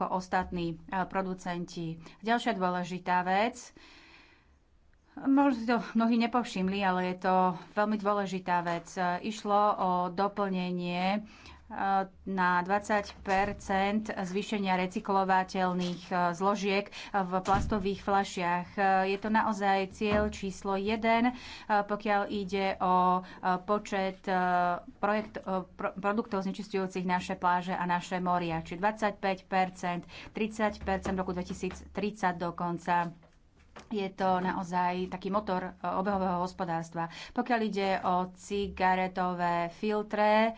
ako ostatní e, producenti. Ďalšia dôležitá vec, Možno si to mnohí nepovšimli, ale je to veľmi dôležitá vec. E, išlo o doplnenie na 20 zvýšenia recyklovateľných eh, zložiek v plastových fľašiach. Eh, je to naozaj cieľ číslo 1, eh, pokiaľ ide o počet projekt, produktov znečistujúcich naše pláže a naše moria, či 25 30 v roku 2030 dokonca je to naozaj taký motor obehového hospodárstva. Pokiaľ ide o cigaretové filtre,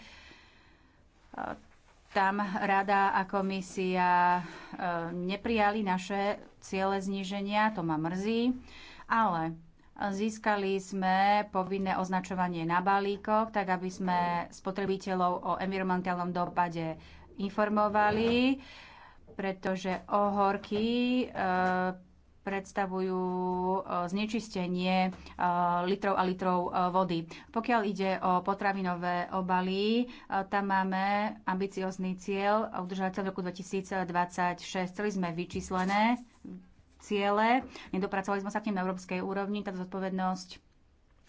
tam rada a komisia e, neprijali naše ciele zníženia, to ma mrzí, ale získali sme povinné označovanie na balíkoch, tak aby sme spotrebiteľov o environmentálnom dopade informovali, pretože ohorky e, predstavujú e, znečistenie e, litrov a litrov e, vody. Pokiaľ ide o potravinové obaly, tam máme ambiciozný cieľ v roku 2026. Chceli sme vyčíslené ciele, nedopracovali sme sa k nim na európskej úrovni, tá zodpovednosť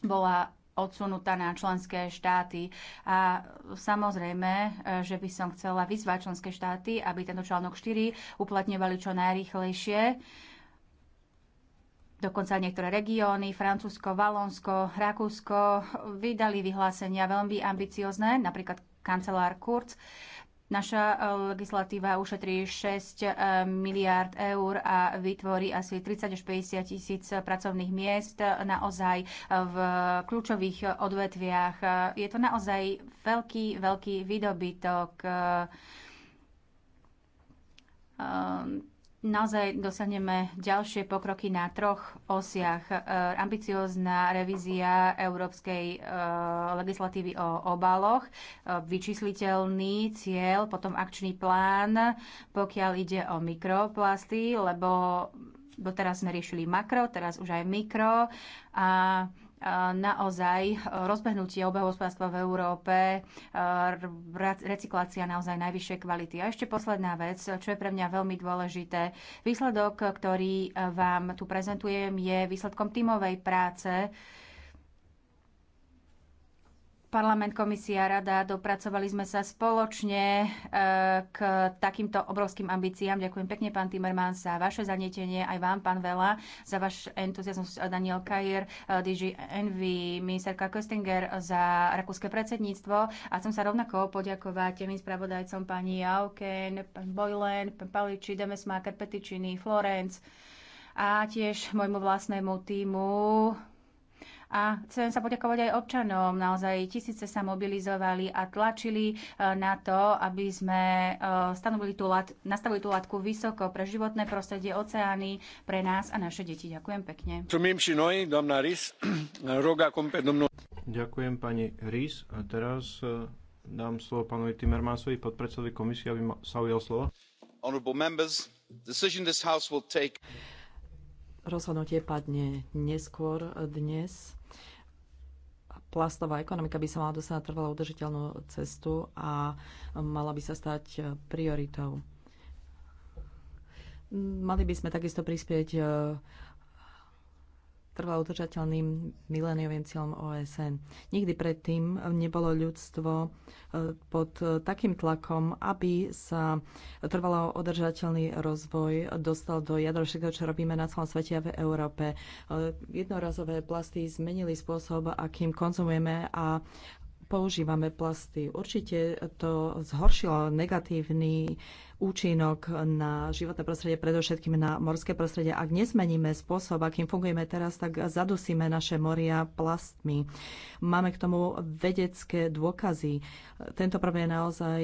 bola odsunutá na členské štáty. A samozrejme, že by som chcela vyzvať členské štáty, aby tento článok 4 uplatňovali čo najrychlejšie Dokonca niektoré regióny, Francúzsko, Valonsko, Rakúsko, vydali vyhlásenia veľmi ambiciozne, napríklad kancelár Kurz. Naša e, legislatíva ušetrí 6 e, miliárd eur a vytvorí asi 30 až 50 tisíc pracovných miest e, naozaj v kľúčových odvetviach. Je to naozaj veľký, veľký výdobytok naozaj dosaneme ďalšie pokroky na troch osiach. E, Ambiciózna revízia európskej e, legislatívy o obaloch, e, vyčísliteľný cieľ, potom akčný plán, pokiaľ ide o mikroplasty, lebo doteraz sme riešili makro, teraz už aj mikro. A naozaj e, rozbehnutie obehu hospodárstva v Európe, e, recyklácia naozaj najvyššej kvality. A ešte posledná vec, čo je pre mňa veľmi dôležité. Výsledok, ktorý e, vám tu prezentujem, je výsledkom tímovej práce Parlament, komisia, rada, dopracovali sme sa spoločne e, k takýmto obrovským ambíciám. Ďakujem pekne, pán Timmermans, za vaše zanietenie, aj vám, pán Vela, za váš entuziasmus, e, Daniel Kajer, e, DG Envy, ministerka Köstinger za rakúske predsedníctvo. A chcem sa rovnako poďakovať tým spravodajcom pani Jauken, pán Boylen, pán Paliči, Demesmaker, Petičiny, Florence a tiež môjmu vlastnému týmu, a chcem sa poďakovať aj občanom. Naozaj tisíce sa mobilizovali a tlačili e, na to, aby sme e, stanovili tú lat, nastavili tú latku vysoko pre životné prostredie, oceány, pre nás a naše deti. Ďakujem pekne. Ďakujem pani Rís. A teraz e, dám slovo pánovi Timmermansovi, podpredsedovi komisie, aby sa ujal slovo. Honorable members, decision this house will take rozhodnutie padne neskôr dnes. Plastová ekonomika by sa mala dostať na trvalo udržiteľnú cestu a mala by sa stať prioritou. Mali by sme takisto prispieť trvalo udržateľným mileniovým cieľom OSN. Nikdy predtým nebolo ľudstvo e, pod e, takým tlakom, aby sa trvalo udržateľný rozvoj dostal do jadra všetko, čo robíme na celom svete a v Európe. E, jednorazové plasty zmenili spôsob, akým konzumujeme a používame plasty. Určite to zhoršilo negatívny účinok na životné prostredie, predovšetkým na morské prostredie. Ak nezmeníme spôsob, akým fungujeme teraz, tak zadusíme naše moria plastmi. Máme k tomu vedecké dôkazy. Tento problém je naozaj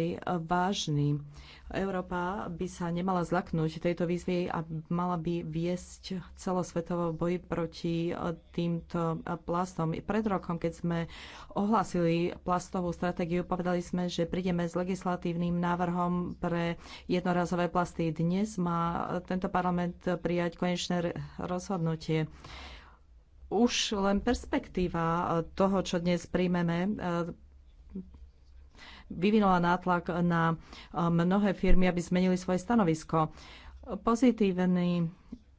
vážny. Európa by sa nemala zlaknúť tejto výzvy a mala by viesť celosvetovo boji proti týmto plastom. Pred rokom, keď sme ohlásili plastovú stratégiu, povedali sme, že prídeme s legislatívnym návrhom pre jednorazové plasty. Dnes má tento parlament prijať konečné rozhodnutie. Už len perspektíva toho, čo dnes príjmeme, e, vyvinula nátlak na e, mnohé firmy, aby zmenili svoje stanovisko. Pozitívny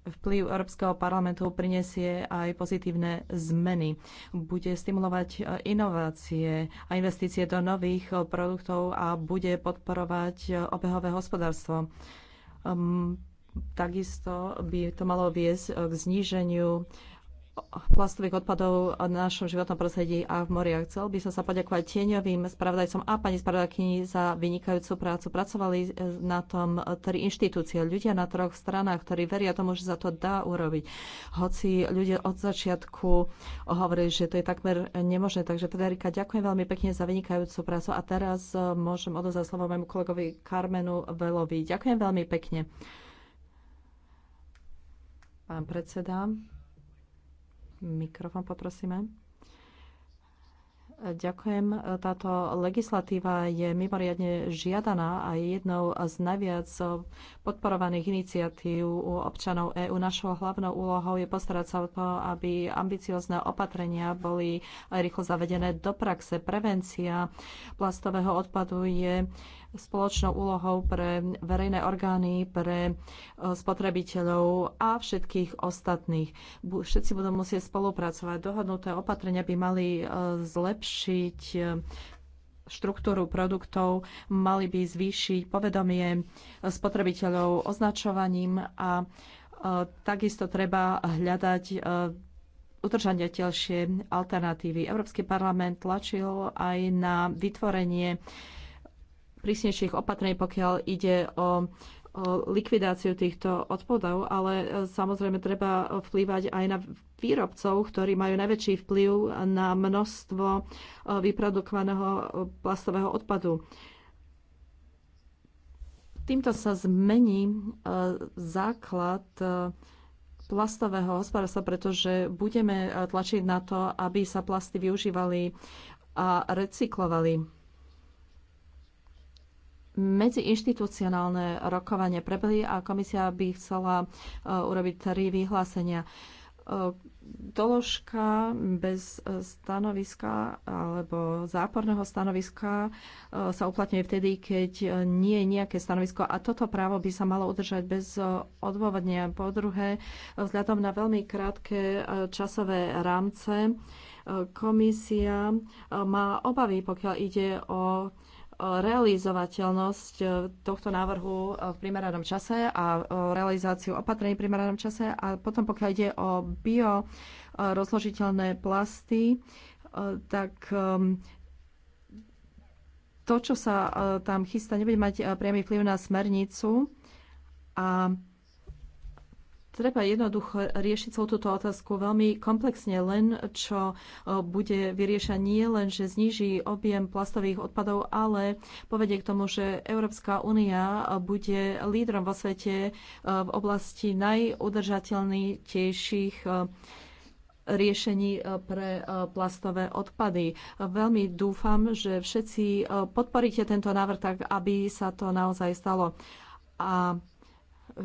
vplyv Európskeho parlamentu prinesie aj pozitívne zmeny. Bude stimulovať e, inovácie a investície do nových e, produktov a bude podporovať e, obehové hospodárstvo. Ehm, takisto by to malo viesť k zníženiu plastových odpadov v našom životnom prostredí a v moriach. Chcel by som sa poďakovať tieňovým spravodajcom a pani spravodajkyni za vynikajúcu prácu. Pracovali e, na tom tri inštitúcie, ľudia na troch stranách, ktorí veria tomu, že sa to dá urobiť. Hoci ľudia od začiatku hovorili, že to je takmer nemožné. Takže Federika, ďakujem veľmi pekne za vynikajúcu prácu a teraz e, môžem odozvať slovo mojemu kolegovi Karmenu Velovi. Ďakujem veľmi pekne. Pán predseda. Mikrofón poprosíme. Ďakujem. Táto legislatíva je mimoriadne žiadaná a je jednou z najviac podporovaných iniciatív u občanov EÚ. Našou hlavnou úlohou je postarať sa o to, aby ambiciozne opatrenia boli aj rýchlo zavedené do praxe. Prevencia plastového odpadu je spoločnou úlohou pre verejné orgány, pre e, spotrebiteľov a všetkých ostatných. Všetci budú musieť spolupracovať. Dohodnuté opatrenia by mali e, zlepšiť e, štruktúru produktov, mali by zvýšiť povedomie spotrebiteľov označovaním a takisto treba hľadať utržaniateľšie alternatívy. Európsky parlament tlačil aj na vytvorenie prísnejších opatrení, pokiaľ ide o, likvidáciu týchto odpadov, ale e, samozrejme treba vplývať aj na výrobcov, ktorí majú najväčší vplyv na množstvo e, vyprodukovaného plastového odpadu. Týmto sa zmení e, základ plastového hospodárstva, pretože budeme tlačiť na to, aby sa plasty využívali a recyklovali medziinštitucionálne rokovanie prebehli a komisia by chcela e, urobiť tri vyhlásenia. E, doložka bez stanoviska alebo záporného stanoviska e, sa uplatňuje vtedy, keď nie je nejaké stanovisko a toto právo by sa malo udržať bez odôvodnenia. Po druhé, vzhľadom na veľmi krátke časové rámce, komisia má obavy, pokiaľ ide o realizovateľnosť e, tohto návrhu e, v primeranom čase a e, realizáciu opatrení v primeranom čase. A potom, pokiaľ ide o bio rozložiteľné plasty, tak ehm, to, čo sa tam chystá, nebude mať priamy vplyv na smernicu a treba jednoducho riešiť celú túto otázku veľmi komplexne, len čo e, bude vyriešať nie len, že zniží objem plastových odpadov, ale povedie k tomu, že Európska únia bude lídrom vo svete e, v oblasti najudržateľnejších e, riešení pre plastové odpady. Veľmi dúfam, že všetci podporíte tento návrh tak, aby sa to naozaj stalo. A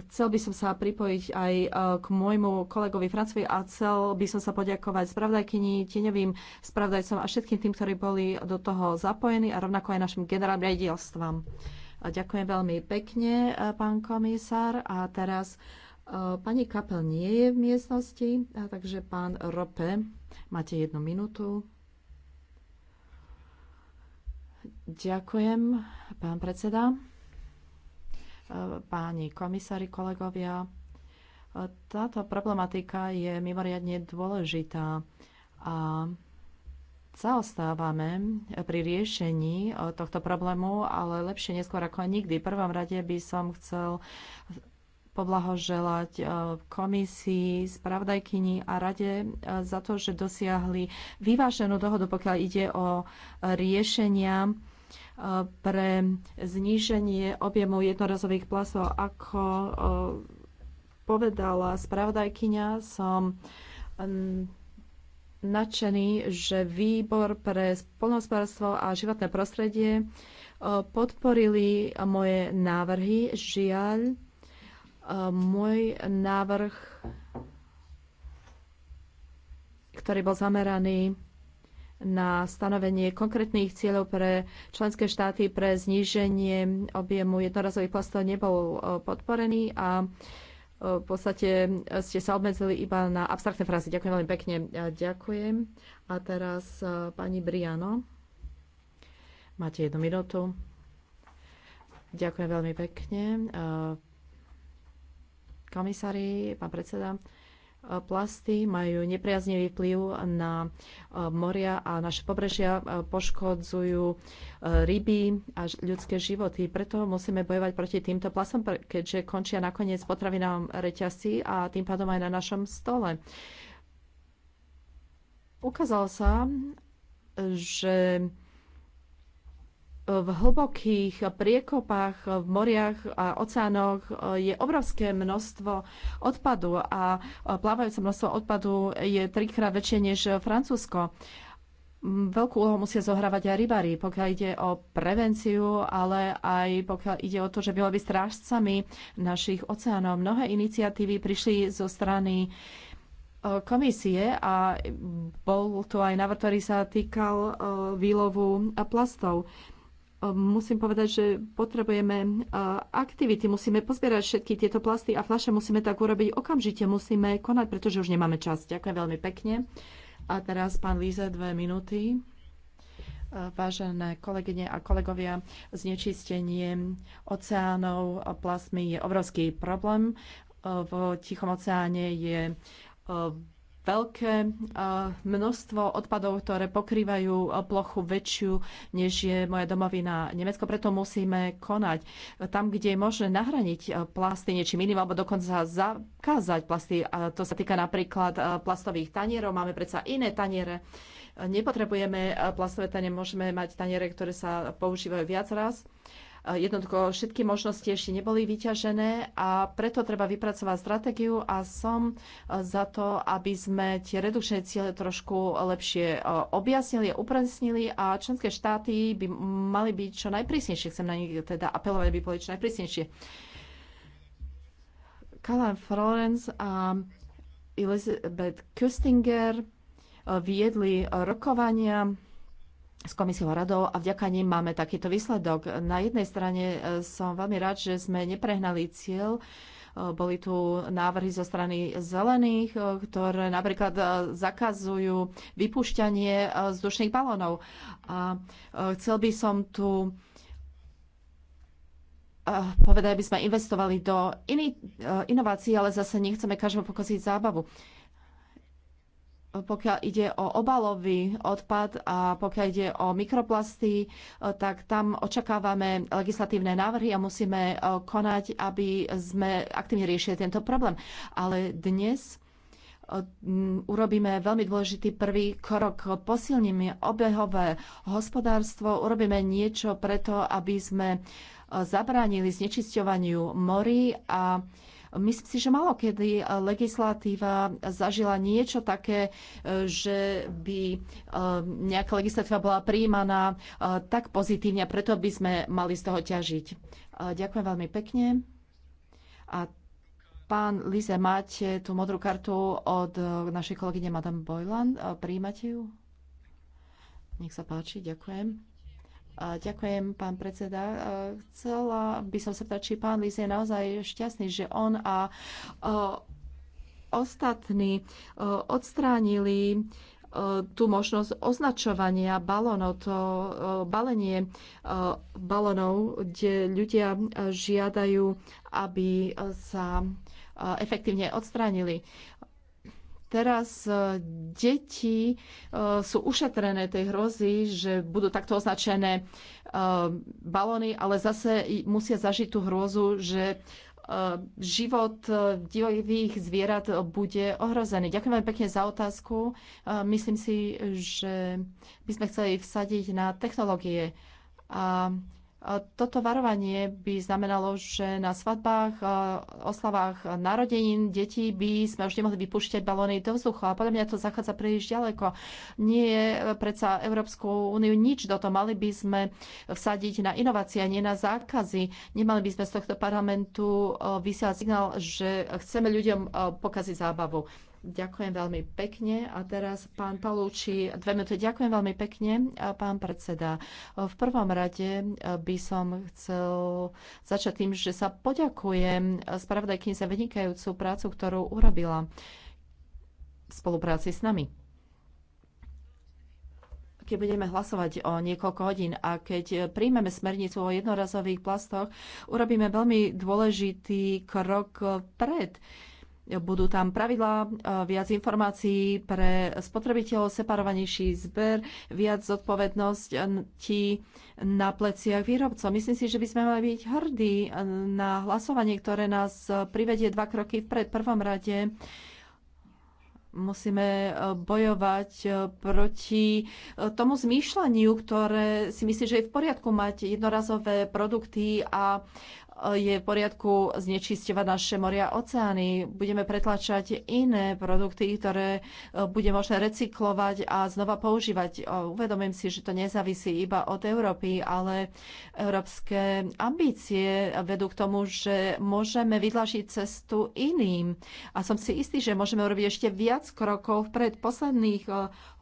Chcel by som sa pripojiť aj e, k môjmu kolegovi Francovi a chcel by som sa poďakovať spravdajkyni, tieňovým spravdajcom a všetkým tým, ktorí boli do toho zapojení a rovnako aj našim generálnym riadielstvom. Ďakujem veľmi pekne, e, pán komisár. A teraz e, pani Kapel nie je v miestnosti, takže pán Rope, máte jednu minútu. Ďakujem, pán predseda páni komisári, kolegovia. Táto problematika je mimoriadne dôležitá a zaostávame pri riešení eh, tohto problému, ale lepšie neskôr ako nikdy. V prvom rade by som chcel poblahoželať eh, komisii, spravdajkyni a rade eh, za to, že dosiahli vyváženú dohodu, pokiaľ ide o riešenia pre zníženie objemov jednorazových plastov. Ako e, povedala spravodajkyňa, som nadšený, že výbor pre spolnospodárstvo a životné prostredie e, podporili moje návrhy. Žiaľ, e, môj návrh, ktorý bol zameraný na stanovenie konkrétnych cieľov pre členské štáty pre zníženie objemu jednorazových plastov nebol e, podporený a e, v podstate ste sa obmedzili iba na abstraktné frázy. Ďakujem veľmi pekne. E, ďakujem. A teraz pani Briano. Máte jednu minútu. Ďakujem veľmi pekne. Komisári, pán predseda. Plasty majú nepriaznivý vplyv na e, moria a naše pobrežia e, poškodzujú e, ryby a ľudské životy. Preto musíme bojovať proti týmto plastom, keďže končia nakoniec potravinám reťazci a tým pádom aj na našom stole. Ukázalo sa, že v hlbokých priekopách, v moriach a oceánoch e, je obrovské množstvo odpadu a e, plávajúce množstvo odpadu je trikrát väčšie než Francúzsko. Veľkú úlohu musia zohrávať aj rybári, pokiaľ ide o prevenciu, ale aj pokiaľ ide o to, že boli by strážcami našich oceánov. Mnohé iniciatívy prišli zo strany e, komisie a bol tu aj návrh, ktorý sa týkal výlovu plastov musím povedať, že potrebujeme aktivity, musíme pozbierať všetky tieto plasty a fľaše musíme tak urobiť okamžite, musíme konať, pretože už nemáme čas. Ďakujem veľmi pekne. A teraz pán Líza, dve minúty. Vážené kolegyne a kolegovia, znečistenie oceánov plastmi je obrovský problém. V Tichom oceáne je veľké eh, množstvo odpadov, ktoré pokrývajú eh, plochu väčšiu, než je moja domovina Nemecko. Preto musíme konať tam, kde je možné nahraniť eh, plasty niečím iným, alebo dokonca zakázať plasty. A to sa týka napríklad plastových tanierov. Máme predsa iné taniere. Nepotrebujeme plastové taniere, môžeme mať taniere, ktoré sa používajú viac raz Eh, jednoducho všetky možnosti ešte neboli vyťažené a preto treba vypracovať stratégiu a som eh, za to, aby sme tie redukčné ciele trošku lepšie eh, objasnili a upresnili a členské štáty by mali byť čo najprísnejšie. Chcem na nich teda apelovať, aby boli čo najprísnejšie. Kalan Florence a Elizabeth Köstinger viedli rokovania s komisiou radov a vďaka nim máme takýto výsledok. Na jednej strane e, som veľmi rád, že sme neprehnali cieľ. E, boli tu návrhy zo strany zelených, e, ktoré napríklad zakazujú vypúšťanie vzdušných balónov. A chcel by som tu povedať, aby sme investovali do iných inovácií, ale zase nechceme každému pokaziť zábavu pokiaľ ide o obalový odpad a pokiaľ ide o mikroplasty, e, tak tam očakávame legislatívne návrhy a musíme e, konať, aby sme aktívne riešili tento problém. Ale dnes e, urobíme veľmi dôležitý prvý krok. Posilníme obehové hospodárstvo, urobíme niečo preto, aby sme zabránili znečisťovaniu morí a Myslím si, že malo kedy legislatíva zažila niečo také, e, že by e, nejaká legislatíva bola príjmaná e, tak pozitívne, preto by sme mali z toho ťažiť. Ďakujem veľmi pekne. A pán Lize, máte tú modrú kartu od našej kolegyne Madame Boylan. Príjmate ju? Nech sa páči, ďakujem. Ďakujem, pán predseda. Chcela by som sa pýtať, či pán Liz je naozaj šťastný, že on a ostatní odstránili tú možnosť označovania balónov, to balenie balónov, kde ľudia žiadajú, aby sa efektívne odstránili teraz e, deti e, sú ušetrené tej hrozy, že budú takto označené e, balóny, ale zase musia zažiť tú hrozu, že život divových zvierat bude ohrozený. Ďakujem veľmi pekne za otázku. Myslím si, že by sme chceli vsadiť na technológie. A toto varovanie by znamenalo, že na svadbách, oslavách narodenín detí by sme už nemohli vypúšťať balóny do vzduchu. A podľa mňa to zachádza príliš ďaleko. Nie je e, predsa Európsku úniu nič do toho. Mali by sme vsadiť na inovácie a nie na zákazy. Nemali by sme z tohto parlamentu e, vysielať signál, že chceme ľuďom e, pokaziť zábavu. Ďakujem veľmi pekne. A teraz pán Palúči, dve minúty. Ďakujem veľmi pekne, pán predseda. V prvom rade e, by som chcel začať tým, že sa poďakujem spravodajkým za vynikajúcu prácu, ktorú urobila v spolupráci s nami keď budeme hlasovať o niekoľko hodín a keď príjmeme smernicu o jednorazových plastoch, urobíme veľmi dôležitý krok pred budú tam pravidlá, e, viac informácií pre spotrebiteľov, separovanejší zber, viac zodpovednosť ti na pleciach výrobcov. Myslím si, že by sme mali byť hrdí na hlasovanie, ktoré nás privedie dva kroky vpred. prvom rade musíme e, bojovať e, proti tomu zmýšľaniu, ktoré si myslí, že je v poriadku mať jednorazové produkty a je v poriadku znečisťovať naše moria a oceány. Budeme pretlačať iné produkty, ktoré e, bude možné recyklovať a znova používať. E, uvedomím si, že to nezávisí iba od Európy, ale európske ambície vedú k tomu, že môžeme vydlažiť cestu iným. A som si istý, že môžeme urobiť ešte viac krokov. Pred posledných e,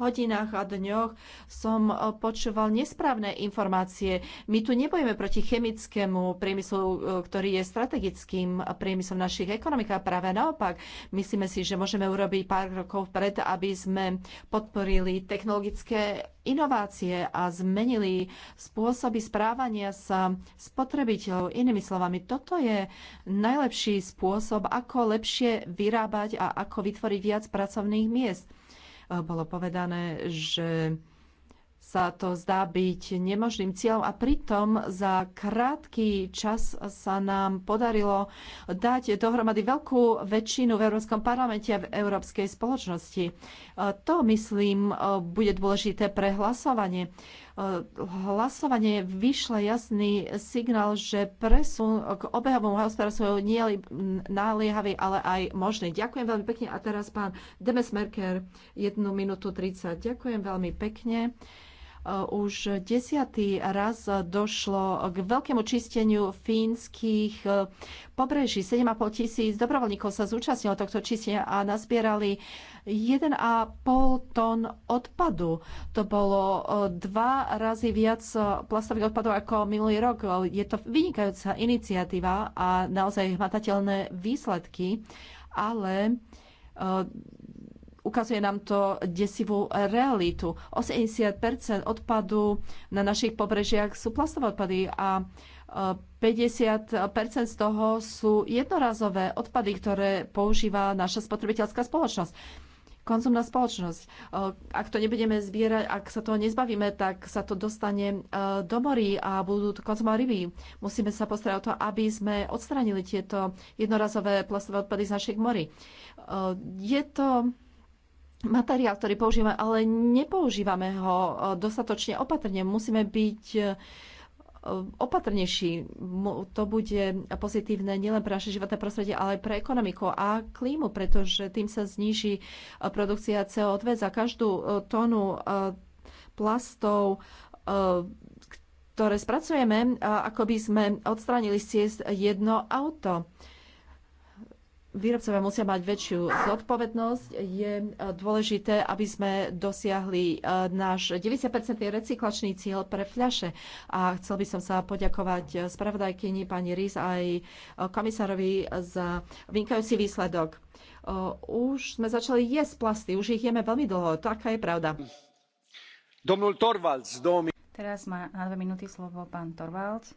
hodinách a dňoch som počúval nesprávne informácie. My tu nebojeme proti chemickému priemyslu ktorý je strategickým priemyslom našich ekonomik a práve naopak. Myslíme si, že môžeme urobiť pár rokov vpred, aby sme podporili technologické inovácie a zmenili spôsoby správania sa spotrebiteľov. Inými slovami, toto je najlepší spôsob, ako lepšie vyrábať a ako vytvoriť viac pracovných miest. Bolo povedané, že sa to zdá byť nemožným cieľom a pritom za krátky čas sa nám podarilo dať dohromady veľkú väčšinu v Európskom parlamente a v Európskej spoločnosti. E, to, myslím, e, bude dôležité pre hlasovanie. E, hlasovanie vyšle jasný signál, že presun k obehovom hospodárstvu nie je naliehavý, ale aj možný. Ďakujem veľmi pekne. A teraz pán Demesmerker, 1 minútu 30. Ďakujem veľmi pekne. Už desiatý raz došlo k veľkému čisteniu fínskych e, pobreží. 7,5 tisíc dobrovoľníkov sa zúčastnilo tohto čistenia a nazbierali 1,5 tón odpadu. To bolo e, dva razy viac e, plastových odpadov ako minulý rok. Je to vynikajúca iniciatíva a naozaj hmatateľné výsledky, ale ukazuje nám to desivú realitu. 80 odpadu na našich pobrežiach sú plastové odpady a 50 e, z toho sú jednorazové odpady, ktoré používa naša spotrebiteľská spoločnosť. Konzumná spoločnosť. E, ak to nebudeme zbierať, ak sa toho nezbavíme, tak sa to dostane e, do morí a budú to konzumovať ryby. Musíme sa postarať o to, aby sme odstránili tieto jednorazové plastové odpady z našich morí. Je to materiál, ktorý používame, ale nepoužívame ho e, dostatočne opatrne. Musíme byť e, opatrnejší. To bude pozitívne nielen pre naše životné prostredie, ale aj pre ekonomiku a klímu, pretože tým sa zníži e, produkcia CO2 za každú tónu plastov, ktoré spracujeme, ako by sme odstránili z ciest jedno auto výrobcovia musia mať väčšiu zodpovednosť. Je e, dôležité, aby sme dosiahli e, náš 90-percentný recyklačný cieľ pre fľaše. A chcel by som sa poďakovať e, spravodajkyni pani Rís aj komisárovi za vynikajúci výsledok. Už sme začali jesť plasty, už ich jeme veľmi dlho, taká je pravda. Domnul Torvalds, domi... Teraz má na dve minúty slovo pán Torvalds.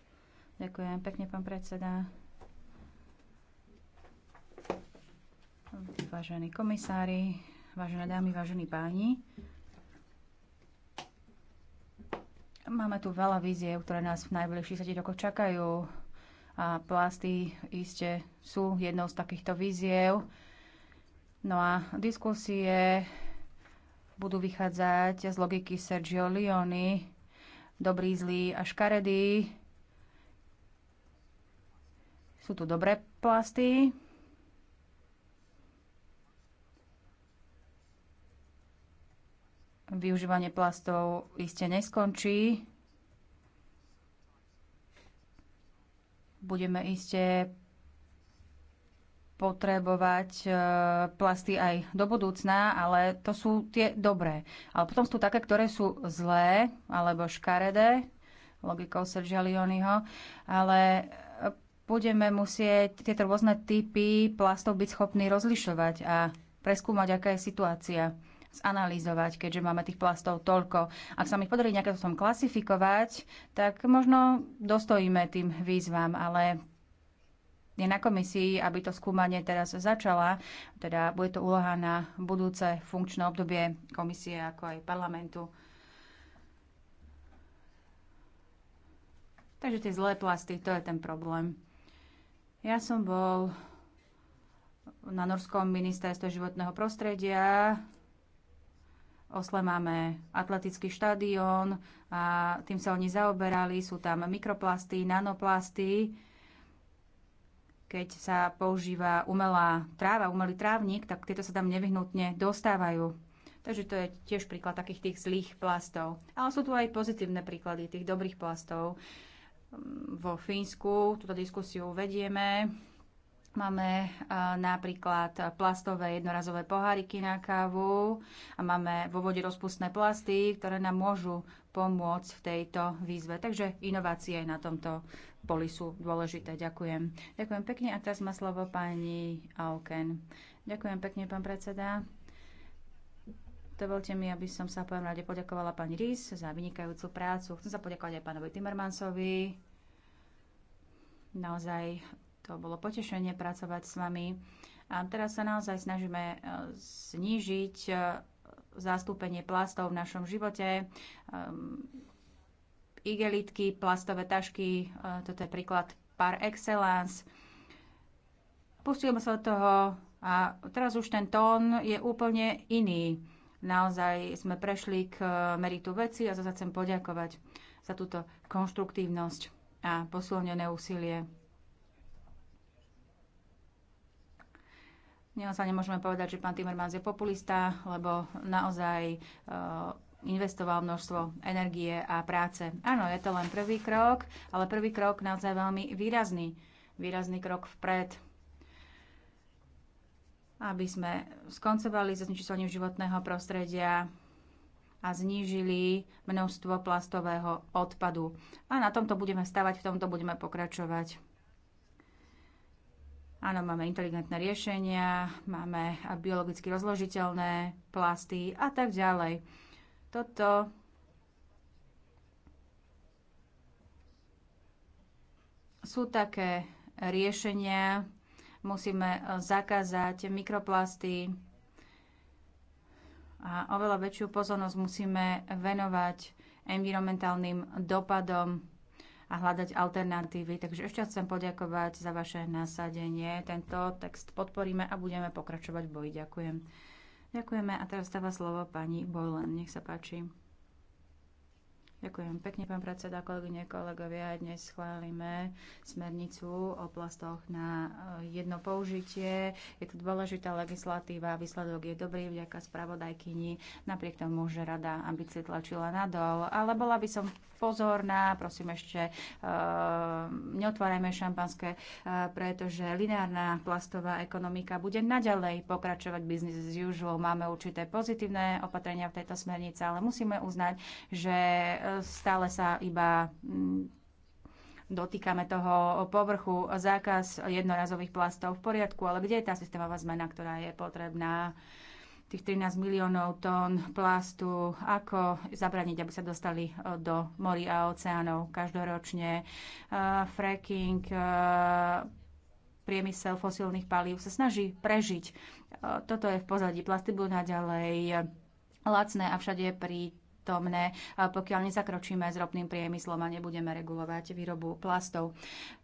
Ďakujem pekne, pán predseda. vážení komisári, vážené dámy, vážení páni. Máme tu veľa vízie, ktoré nás v najbližších 10 rokoch čakajú a plasty iste sú jednou z takýchto víziev. No a diskusie budú vychádzať z logiky Sergio Leone, dobrý, zlý a škaredý. Sú tu dobré plasty, využívanie plastov iste neskončí. Budeme iste potrebovať e, plasty aj do budúcna, ale to sú tie dobré. Ale potom sú také, ktoré sú zlé alebo škaredé, logikou Sergio Leoneho, ale e, budeme musieť tieto rôzne typy plastov byť schopní rozlišovať a preskúmať, aká je situácia zanalýzovať, keďže máme tých plastov toľko. Ak sa mi podarí nejaké som klasifikovať, tak možno dostojíme tým výzvam, ale je na komisii, aby to skúmanie teraz začala. Teda bude to úloha na budúce funkčné obdobie komisie ako aj parlamentu. Takže tie zlé plasty, to je ten problém. Ja som bol na Norskom ministerstve životného prostredia Osle máme atletický štadión a tým sa oni zaoberali. Sú tam mikroplasty, nanoplasty. Keď sa používa umelá tráva, umelý trávnik, tak tieto sa tam nevyhnutne dostávajú. Takže to je tiež príklad takých tých zlých plastov. Ale sú tu aj pozitívne príklady tých dobrých plastov. Vo Fínsku túto diskusiu vedieme Máme napríklad plastové jednorazové poháriky na kávu a máme vo vode rozpustné plasty, ktoré nám môžu pomôcť v tejto výzve. Takže inovácie na tomto poli sú dôležité. Ďakujem. Ďakujem pekne a teraz má slovo pani Auken. Ďakujem pekne, pán predseda. Dovolte mi, aby som sa v rade poďakovala pani Rís za vynikajúcu prácu. Chcem sa poďakovať aj pánovi Timmermansovi, naozaj to bolo potešenie pracovať s vami. A teraz sa naozaj snažíme e, znížiť e, zastúpenie plastov v našom živote. Ehm, igelitky, plastové tašky, e, toto je príklad par excellence. Pustíme sa od toho a teraz už ten tón je úplne iný. Naozaj sme prešli k meritu veci a za chcem poďakovať za túto konštruktívnosť a posilnené úsilie. sa nemôžeme povedať, že pán Timmermans je populista, lebo naozaj eh, investoval množstvo energie a práce. Áno, je to len prvý krok, ale prvý krok naozaj veľmi výrazný. Výrazný krok vpred aby sme skoncovali so zničovaním životného prostredia a znížili množstvo plastového odpadu. A na tomto budeme stavať, v tomto budeme pokračovať. Áno, máme inteligentné riešenia, máme biologicky rozložiteľné plasty a tak ďalej. Toto sú také riešenia. Musíme e, zakázať mikroplasty a oveľa väčšiu pozornosť musíme venovať environmentálnym dopadom a hľadať alternatívy. Takže ešte chcem poďakovať za vaše nasadenie. Tento text podporíme a budeme pokračovať v boji. Ďakujem. Ďakujeme a teraz dáva slovo pani Boylan. Nech sa páči. Ďakujem pekne, pán predseda, kolegyne, kolegovia. Dnes schválime smernicu o plastoch na e, jedno použitie. Je to dôležitá legislatíva, výsledok je dobrý vďaka spravodajkyni, napriek tomu, že rada ambície tlačila nadol. Ale bola by som pozorná, prosím ešte, e, neotvárajme šampanské, e, pretože lineárna plastová ekonomika bude naďalej pokračovať business as usual. Máme určité pozitívne opatrenia v tejto smernici, ale musíme uznať, že stále sa iba mm, dotýkame toho povrchu. Zákaz jednorazových plastov v poriadku, ale kde je tá systémová zmena, ktorá je potrebná? tých 13 miliónov tón plastu, ako zabraniť, aby sa dostali e, do morí a oceánov každoročne. Uh, fracking, uh, priemysel fosílnych palív sa snaží prežiť. Uh, toto je v pozadí. Plasty budú naďalej lacné a všade pri prítomné, pokiaľ nezakročíme s ropným priemyslom a nebudeme regulovať výrobu plastov.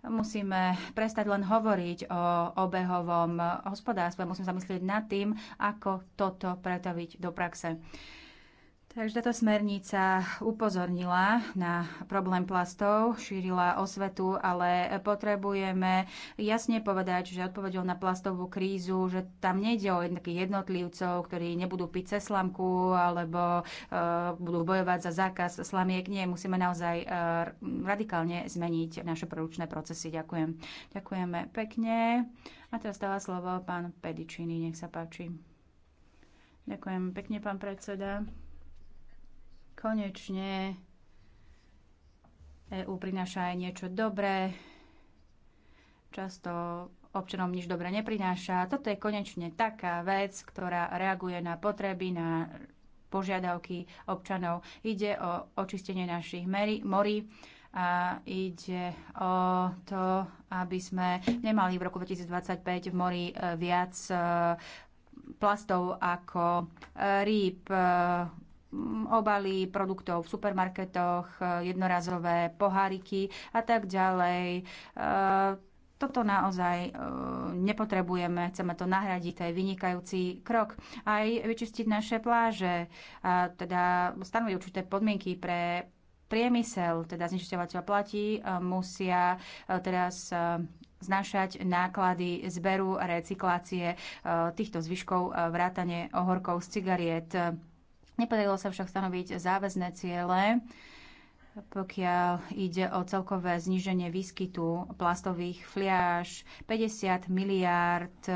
Musíme prestať len hovoriť o obehovom hospodárstve, musíme sa myslieť nad tým, ako toto pretaviť do praxe. Takže táto smernica upozornila na problém plastov, šírila osvetu, ale potrebujeme jasne povedať, že odpovedou na plastovú krízu, že tam nejde o takých jednotlivcov, ktorí nebudú piť cez slamku alebo uh, budú bojovať za zákaz slamiek. Nie, musíme naozaj uh, radikálne zmeniť naše produčné procesy. Ďakujem. Ďakujeme pekne. A teraz dáva slovo pán Pedičiny, nech sa páči. Ďakujem pekne, pán predseda. Konečne EU prináša aj niečo dobré, často občanom nič dobré neprináša. Toto je konečne taká vec, ktorá reaguje na potreby, na požiadavky občanov. Ide o očistenie našich meri, morí a ide o to, aby sme nemali v roku 2025 v mori e, viac e, plastov ako e, rýb obaly produktov v supermarketoch, e, jednorazové poháriky a tak ďalej e, toto naozaj e, nepotrebujeme, chceme to nahradiť, to je vynikajúci krok. Aj vyčistiť naše pláže, teda stanoviť určité podmienky pre priemysel, teda znišťovateľ platí, musia teraz znašať znášať náklady zberu a recyklácie týchto zvyškov e, vrátane ohorkov z cigariet. Nepodarilo sa však stanoviť záväzné ciele, pokiaľ ide o celkové zníženie výskytu plastových fliaž. 50 miliárd e,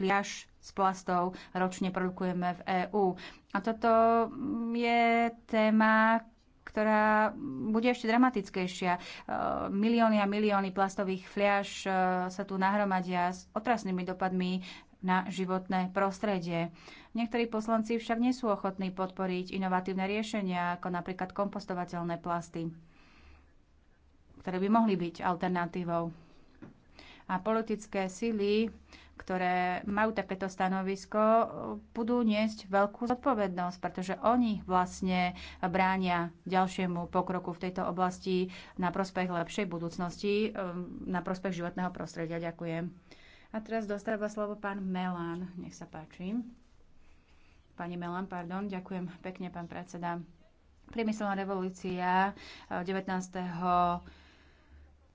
fliaž z plastov ročne produkujeme v EÚ. A toto mm, je téma, ktorá bude ešte dramatickejšia. E, milióny a milióny plastových fliaž e, sa tu nahromadia s otrasnými dopadmi na životné prostredie. Niektorí poslanci však nie sú ochotní podporiť inovatívne riešenia, ako napríklad kompostovateľné plasty, ktoré by mohli byť alternatívou a politické síly, ktoré majú takéto stanovisko, budú niesť veľkú zodpovednosť, pretože oni vlastne bránia ďalšiemu pokroku v tejto oblasti na prospech lepšej budúcnosti, ehm, na prospech životného prostredia. Ďakujem. A teraz dostáva slovo pán Melán. Nech sa páči. Pani Melán, pardon. Ďakujem pekne, pán predseda. Priemyselná revolúcia 19 eh,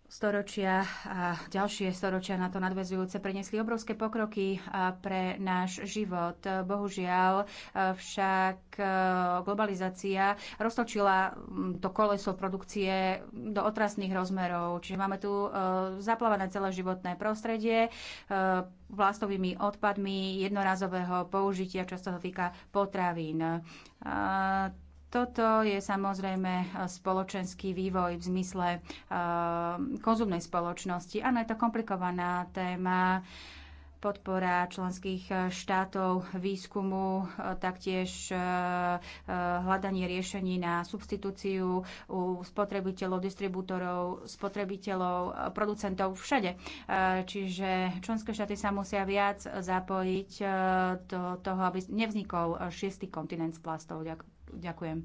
storočia a ďalšie storočia na to nadvezujúce prinesli obrovské pokroky pre náš život. Bohužiaľ však globalizácia roztočila to koleso produkcie do otrasných rozmerov. Čiže máme tu zaplavané celé životné prostredie vlastovými odpadmi jednorazového použitia, čo sa týka potravín toto je samozrejme e, spoločenský vývoj v zmysle e, konzumnej spoločnosti. Áno, je to komplikovaná téma podpora členských e, štátov výskumu, taktiež hľadanie riešení na substitúciu u spotrebiteľov, distribútorov, spotrebiteľov, producentov všade. Čiže členské štáty sa musia viac zapojiť do toho, aby nevznikol šiestý kontinent z plastov. Ďakujem. Ďakujem.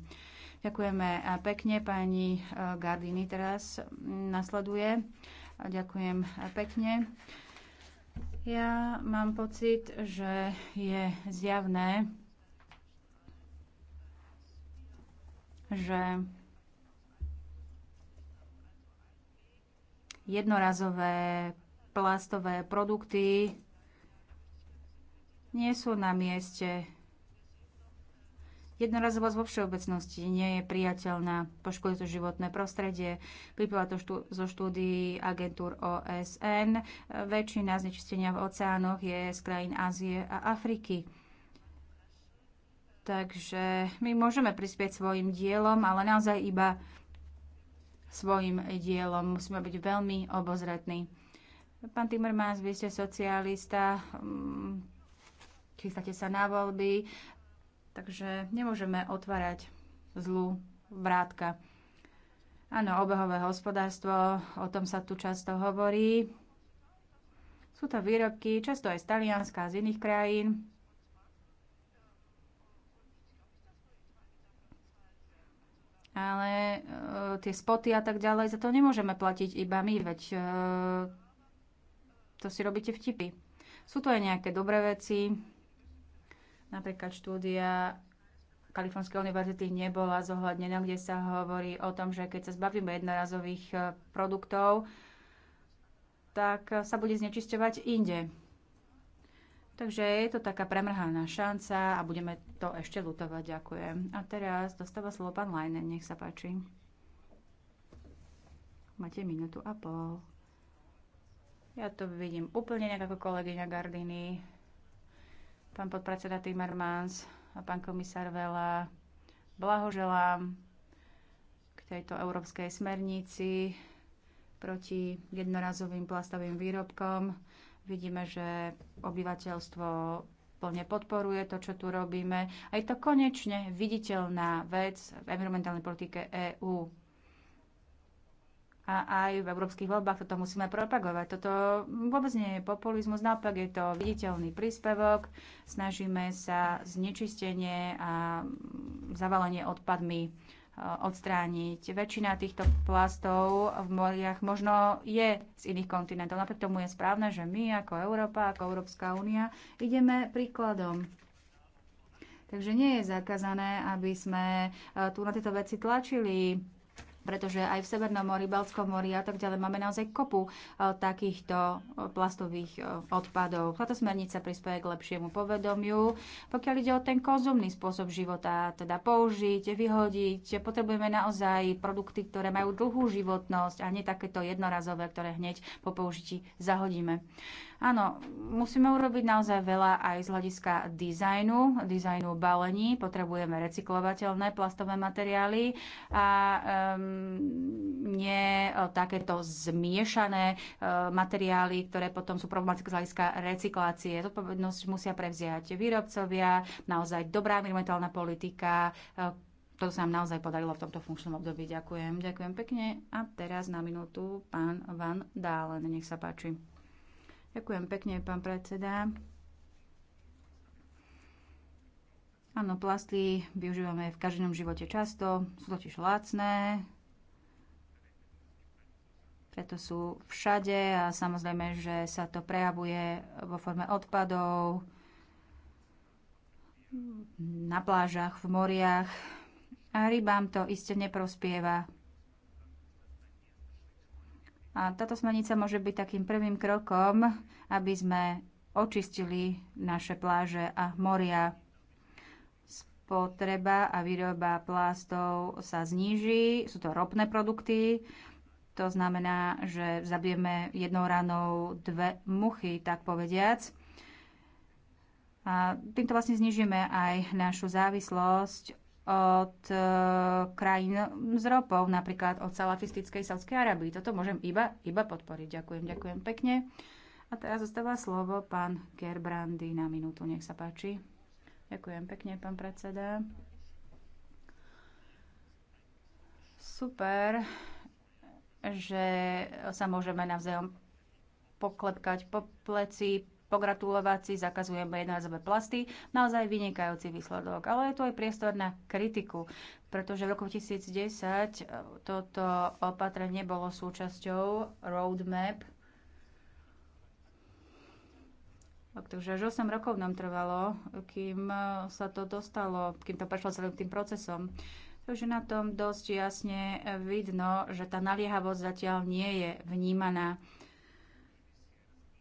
Ďakujeme eh, pekne. Pani eh, Gardini teraz nasleduje. Ďakujem eh, pekne. Ja mám pocit, že je zjavné, že jednorazové plastové produkty nie sú na mieste Jednorazovosť vo všeobecnosti nie je priateľná, poškodí to životné prostredie. Vyplýva to štú, zo štúdií agentúr OSN. Väčšina znečistenia v oceánoch je z krajín Ázie a Afriky. Takže my môžeme prispieť svojim dielom, ale naozaj iba svojim dielom. Musíme byť veľmi obozretní. Pán Timmermans, vy ste socialista, mm, chystáte sa na voľby, Takže nemôžeme otvárať zlú vrátka. Áno, obehové hospodárstvo, o tom sa tu často hovorí. Sú to výrobky, často aj z Talianska, z iných krajín. Ale e, tie spoty a tak ďalej, za to nemôžeme platiť iba my, veď e, to si robíte vtipy. Sú to aj nejaké dobré veci, Napríklad štúdia Kalifornskej univerzity nebola zohľadnená, kde sa hovorí o tom, že keď sa zbavíme jednorazových e, produktov, tak e, sa bude znečisťovať inde. Takže je to taká premrhaná šanca a budeme to ešte lutovať. Ďakujem. A teraz dostáva slovo pán Lajnen, nech sa páči. Máte minútu a pol. Ja to vidím úplne nejak ako kolegyňa Gardiny pán podpredseda Timmermans a pán komisár Vela. Blahoželám k tejto európskej smernici proti jednorazovým plastovým výrobkom. Vidíme, že obyvateľstvo plne podporuje to, čo tu robíme. A je to konečne viditeľná vec v environmentálnej politike EÚ a aj v európskych voľbách toto musíme propagovať. Toto vôbec nie je populizmus, naopak je to viditeľný príspevok. Snažíme sa znečistenie a zavalenie odpadmi e, odstrániť. Väčšina týchto plastov v moriach možno je z iných kontinentov. Napriek tomu je správne, že my ako Európa, ako Európska únia ideme príkladom. Takže nie je zakázané, aby sme e, tu na tieto veci tlačili pretože aj v Severnom mori, Balckom mori a tak ďalej máme naozaj kopu e, takýchto e, plastových e, odpadov. Táto smernica prispieje k lepšiemu povedomiu. Pokiaľ ide o ten konzumný spôsob života, teda použiť, vyhodiť, potrebujeme naozaj produkty, ktoré majú dlhú životnosť a nie takéto jednorazové, ktoré hneď po použití zahodíme. Áno, musíme urobiť naozaj veľa aj z hľadiska dizajnu, dizajnu balení. Potrebujeme recyklovateľné plastové materiály a um, nie e, takéto zmiešané uh, materiály, ktoré potom sú problematické z hľadiska recyklácie. Zodpovednosť musia prevziať výrobcovia, naozaj dobrá environmentálna politika, uh, to sa nám naozaj podarilo v tomto funkčnom období. Ďakujem, ďakujem pekne. A teraz na minútu pán Van Dálen, nech sa páči. Ďakujem pekne, pán predseda. Áno, plasty využívame v každom živote často, sú totiž lacné, preto sú všade a samozrejme, že sa to prejavuje vo forme odpadov, na plážach, v moriach a rybám to iste neprospieva. A táto smernica môže byť takým prvým krokom, aby sme očistili naše pláže a moria. Spotreba a výroba plastov sa zníži, sú to ropné produkty, to znamená, že zabijeme jednou ranou dve muchy, tak povediac. A týmto vlastne znižíme aj našu závislosť od e, krajín z ropou, napríklad od salafistickej Sávskej Arabii. Toto môžem iba, iba podporiť. Ďakujem, ďakujem pekne. A teraz zostáva slovo pán Gerbrandy na minútu. Nech sa páči. Ďakujem pekne, pán predseda. Super, že sa môžeme navzájom poklepkať po pleci, pogratulovať si, zakazujeme jednorazové plasty. Naozaj vynikajúci výsledok, ale je to aj priestor na kritiku, pretože v roku 2010 e, toto opatrenie bolo súčasťou roadmap Takže až 8 rokov nám trvalo, kým e, sa to dostalo, kým to prešlo celým tým procesom. Takže na tom dosť jasne vidno, že tá naliehavosť zatiaľ nie je vnímaná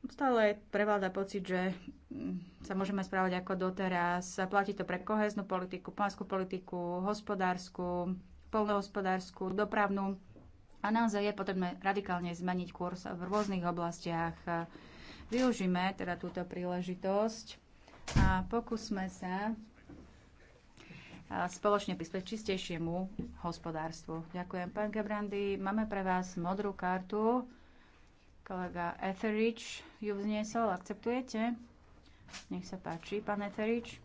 stále prevláda pocit, že mm, sa môžeme správať ako doteraz. Platí to pre koheznú politiku, pánskú politiku, hospodárskú, polnohospodárskú, dopravnú. A naozaj je potrebné radikálne zmeniť kurz v rôznych oblastiach. Využíme teda túto príležitosť a pokúsme sa spoločne prispieť čistejšiemu hospodárstvu. Ďakujem, pán Gebrandy. Máme pre vás modrú kartu. Kolega Etheridge ju vzniesol. Akceptujete? Nech sa páči, pán Etheridge.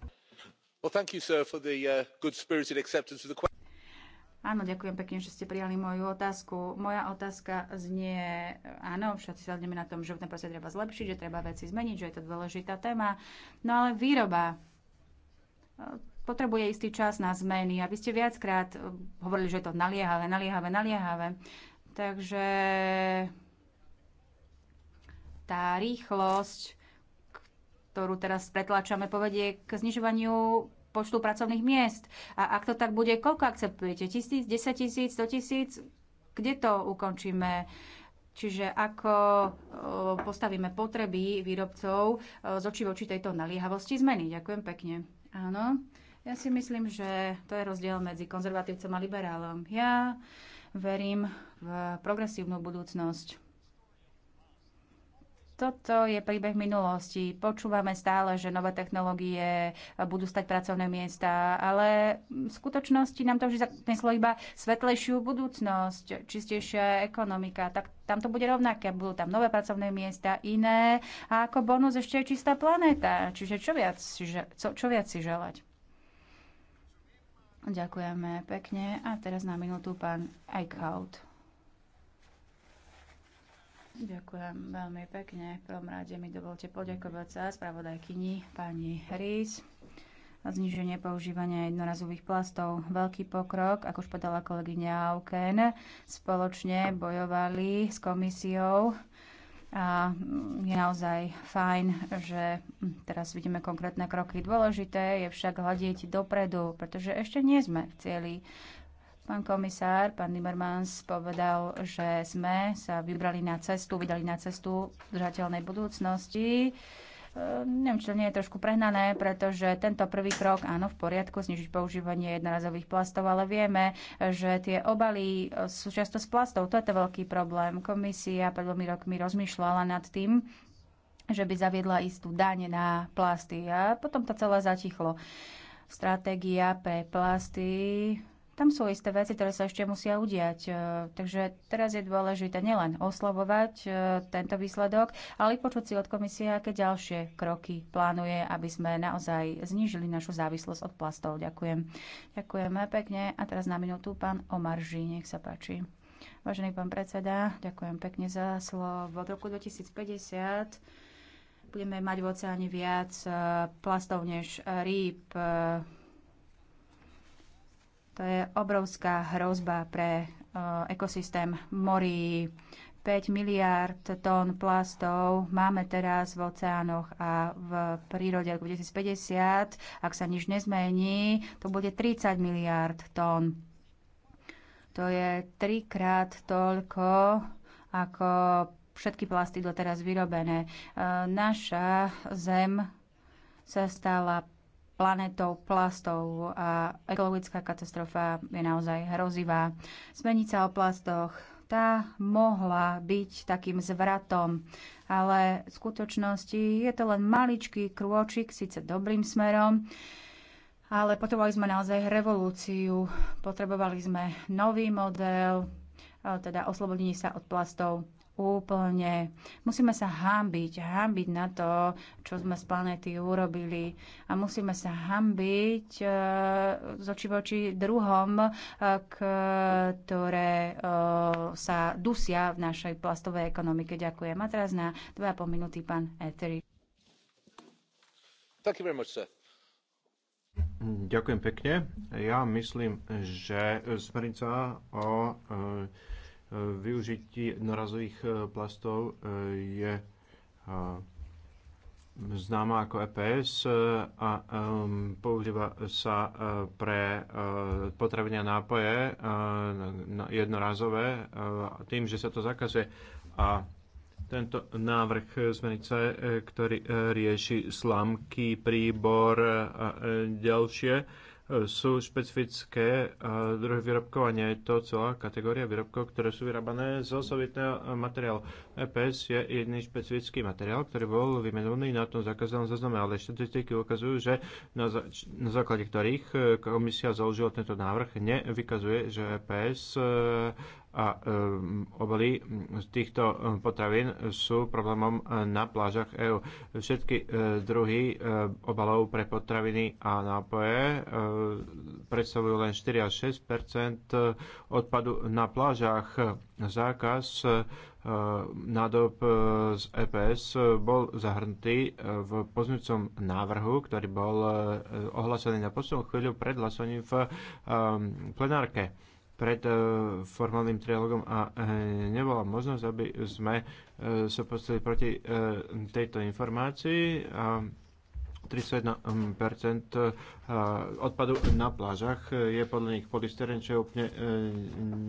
Well, thank you, sir, for the uh, good spirited acceptance of the question. Áno, ďakujem pekne, že ste prijali moju otázku. Moja otázka znie, áno, všetci sa na tom, že v tom proste treba zlepšiť, že treba veci zmeniť, že je to dôležitá téma. No ale výroba e, potrebuje istý čas na zmeny. A vy ste viackrát e, hovorili, že je to naliehavé, naliehavé, naliehavé. Takže tá rýchlosť, ktorú teraz pretláčame, povedie k znižovaniu počtu pracovných miest. A ak to tak bude, koľko akceptujete? Tisíc, desať tisíc, sto tisíc? Kde to ukončíme? Čiže ako postavíme potreby výrobcov z očí oči tejto naliehavosti zmeny. Ďakujem pekne. Áno. Ja si myslím, že to je rozdiel medzi konzervatívcom a liberálom. Ja verím v progresívnu budúcnosť toto je príbeh minulosti. Počúvame stále, že nové technológie budú stať pracovné miesta, ale v skutočnosti nám to už zaneslo iba svetlejšiu budúcnosť, čistejšia ekonomika. Tak tam to bude rovnaké. Budú tam nové pracovné miesta, iné a ako bonus ešte je čistá planéta. Čiže čo viac, čo, čo viac si želať? Ďakujeme pekne. A teraz na minútu pán Eichhout. Ďakujem veľmi pekne. V prvom rade mi dovolte poďakovať sa spravodajkyni pani Rís zniženie používania jednorazových plastov. Veľký pokrok, ako už povedala kolegyňa Auken, spoločne bojovali s komisiou a je naozaj fajn, že teraz vidíme konkrétne kroky. Dôležité je však hľadiť dopredu, pretože ešte nie sme v cieli. Pán komisár, pán Timmermans povedal, že sme sa vybrali na cestu, vydali na cestu držateľnej budúcnosti. E, neviem, či to nie je trošku prehnané, pretože tento prvý krok, áno, v poriadku, znižiť používanie jednorazových plastov, ale vieme, že tie obaly e, sú často z plastov. To je to veľký problém. Komisia pred dvomi rokmi rozmýšľala nad tým, že by zaviedla istú daň na plasty a potom to celé zatichlo. Stratégia pre plasty tam sú isté veci, ktoré sa ešte musia udiať. E, takže teraz je dôležité nielen oslavovať e, tento výsledok, ale i počuť si od komisie, aké ďalšie kroky plánuje, aby sme naozaj znížili našu závislosť od plastov. Ďakujem. Ďakujeme pekne. A teraz na minútu pán Omarži, nech sa páči. Vážený pán predseda, ďakujem pekne za slovo. Od roku 2050 budeme mať v oceáne viac e, plastov než rýb to je obrovská hrozba pre e, ekosystém morí. 5 miliard tón plastov máme teraz v oceánoch a v prírode roku 2050, ak sa nič nezmení, to bude 30 miliard tón. To je trikrát toľko ako všetky plasty doteraz vyrobené. E, naša zem sa stala planetou plastov a ekologická katastrofa je naozaj hrozivá. Smenica o plastoch tá mohla byť takým zvratom, ale v skutočnosti je to len maličký krôčik, síce dobrým smerom, ale potrebovali sme naozaj revolúciu, potrebovali sme nový model, teda oslobodenie sa od plastov úplne. Musíme sa hambiť, hambiť na to, čo sme z planéty urobili. A musíme sa hambiť e, z oči voči druhom, e, ktoré e, sa dusia v našej plastovej ekonomike. Ďakujem. A teraz na 2,5 minúty pán Eteri. Thank you very much, sir. Ďakujem pekne. Ja myslím, že smernica o e, využití jednorazových e, plastov e, je e, známa ako EPS a používa sa pre potraviny a nápoje jednorazové tým, že sa to zakazuje. A tento návrh smernice, ktorý rieši slamky, príbor a ďalšie, sú špecifické eh, druhy vyrobkovania. Je to celá kategória výrobkov, ktoré sú vyrábané z osobitného materiálu. EPS je jedný špecifický materiál, ktorý bol vymenovaný na tom zakázanom zozname, ale štatistiky ukazujú, že na, na základe ktorých eh, komisia založila tento návrh, nevykazuje, že EPS eh, a ehm, obaly z týchto ehm, potravín sú problémom e, na plážach EÚ. Všetky e, druhy e, obalov pre potraviny a nápoje predstavujú len 4 až 6 odpadu na plážach. Zákaz nádob z EPS bol zahrnutý v pozňujúcom návrhu, ktorý bol ohlasený na poslednú chvíľu pred hlasovaním v plenárke pred e, formálnym trialogom a e, nebola možnosť, aby sme e, sa postavili proti tejto informácii. 31% odpadu na plážach je podľa nich polystyren, čo je úplne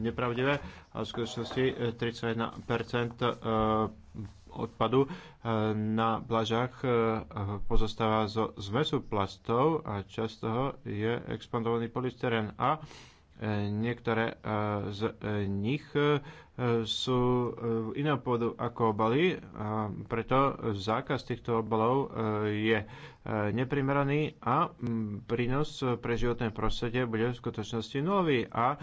nepravdivé. A v skutočnosti 31% odpadu na plážach pozostáva zo zmesu plastov a časť toho je expandovaný polystyren. A E, niektoré e, z e, nich sú iného pôdu ako obaly, preto zákaz týchto obalov je neprimeraný a prínos pre životné prostredie bude v skutočnosti nulový a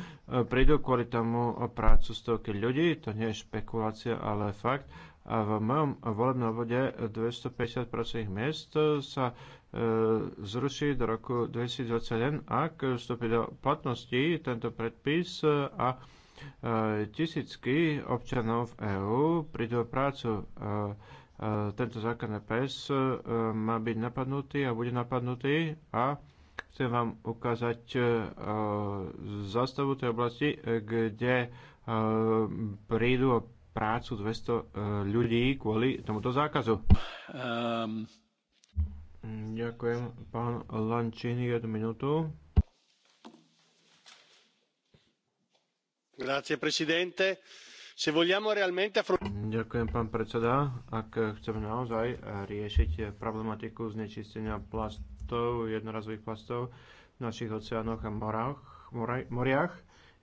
prídu kvôli tomu o prácu stovky ľudí, to nie je špekulácia, ale fakt. A v mojom volebnom obvode 250 miest sa E, zruší do roku 2021, ak vstúpi do platnosti tento predpis a e, tisícky občanov EÚ prídu o prácu. E, tento zákonný pes má byť napadnutý a bude napadnutý a chcem vám ukázať zastavu tej oblasti, kde prídu o prácu 200 ľudí kvôli tomuto zákazu. Um... Mm, ďakujem. Pán Lančini, jednu minútu. Grazie, presidente. Se vogliamo realmente Ďakujem, pán predseda. Ak chceme naozaj riešiť problematiku znečistenia plastov, jednorazových plastov v našich oceánoch a morách, moriach,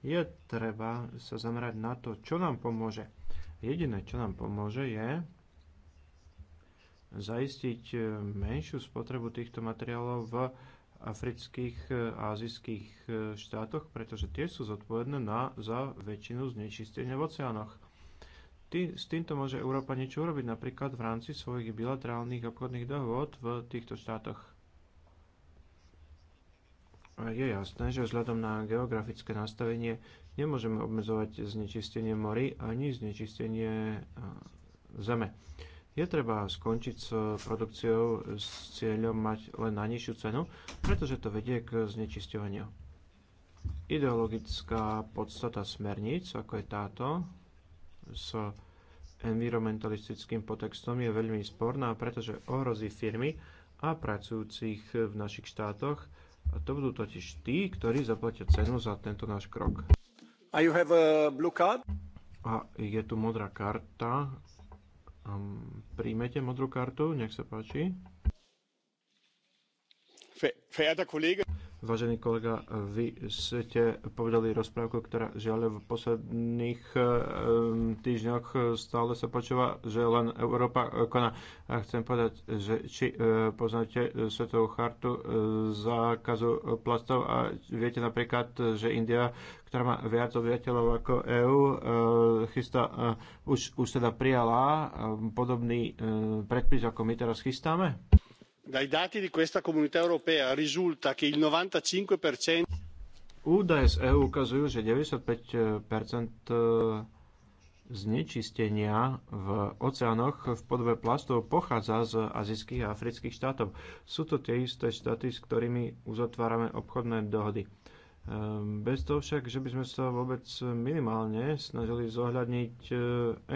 je treba sa zamerať na to, čo nám pomôže. Jediné, čo nám pomôže, je zaistiť eh, menšiu spotrebu týchto materiálov v afrických a eh, azijských eh, štátoch, pretože tie sú zodpovedné na, za väčšinu znečistenia v oceánoch. Tý, s týmto môže Európa niečo urobiť napríklad v rámci svojich bilaterálnych obchodných dohôd v týchto štátoch. Je jasné, že vzhľadom na geografické nastavenie nemôžeme obmedzovať znečistenie mori ani znečistenie zeme. Je treba skončiť s produkciou s cieľom mať len najnižšiu cenu, pretože to vedie k znečisťovaniu. Ideologická podstata smerníc, ako je táto, s environmentalistickým podtextom je veľmi sporná, pretože ohrozí firmy a pracujúcich v našich štátoch. A to budú totiž tí, ktorí zaplatia cenu za tento náš krok. A, a je tu modrá karta Um, príjmete modrú kartu, nech sa páči. Verehrter Kollege, Vážený kolega, vy ste povedali rozprávku, ktorá žiaľ v posledných eh, týždňoch stále sa počúva, že len Európa eh, koná. A chcem povedať, že či eh, poznáte Svetovú chartu zákazu plastov a viete napríklad, že India, ktorá má viac obyvateľov ako EÚ, chystá, už, už teda prijala podobný predpis, ako my teraz chystáme? dai dati di questa comunità europea risulta che il 95 Údaje z EU ukazujú, že 95 e, znečistenia v oceánoch v podobe plastov pochádza z azijských a afrických štátov. Sú to tie isté štáty, s ktorými uzatvárame obchodné dohody. E, bez toho však, že by sme sa vôbec minimálne snažili zohľadniť e,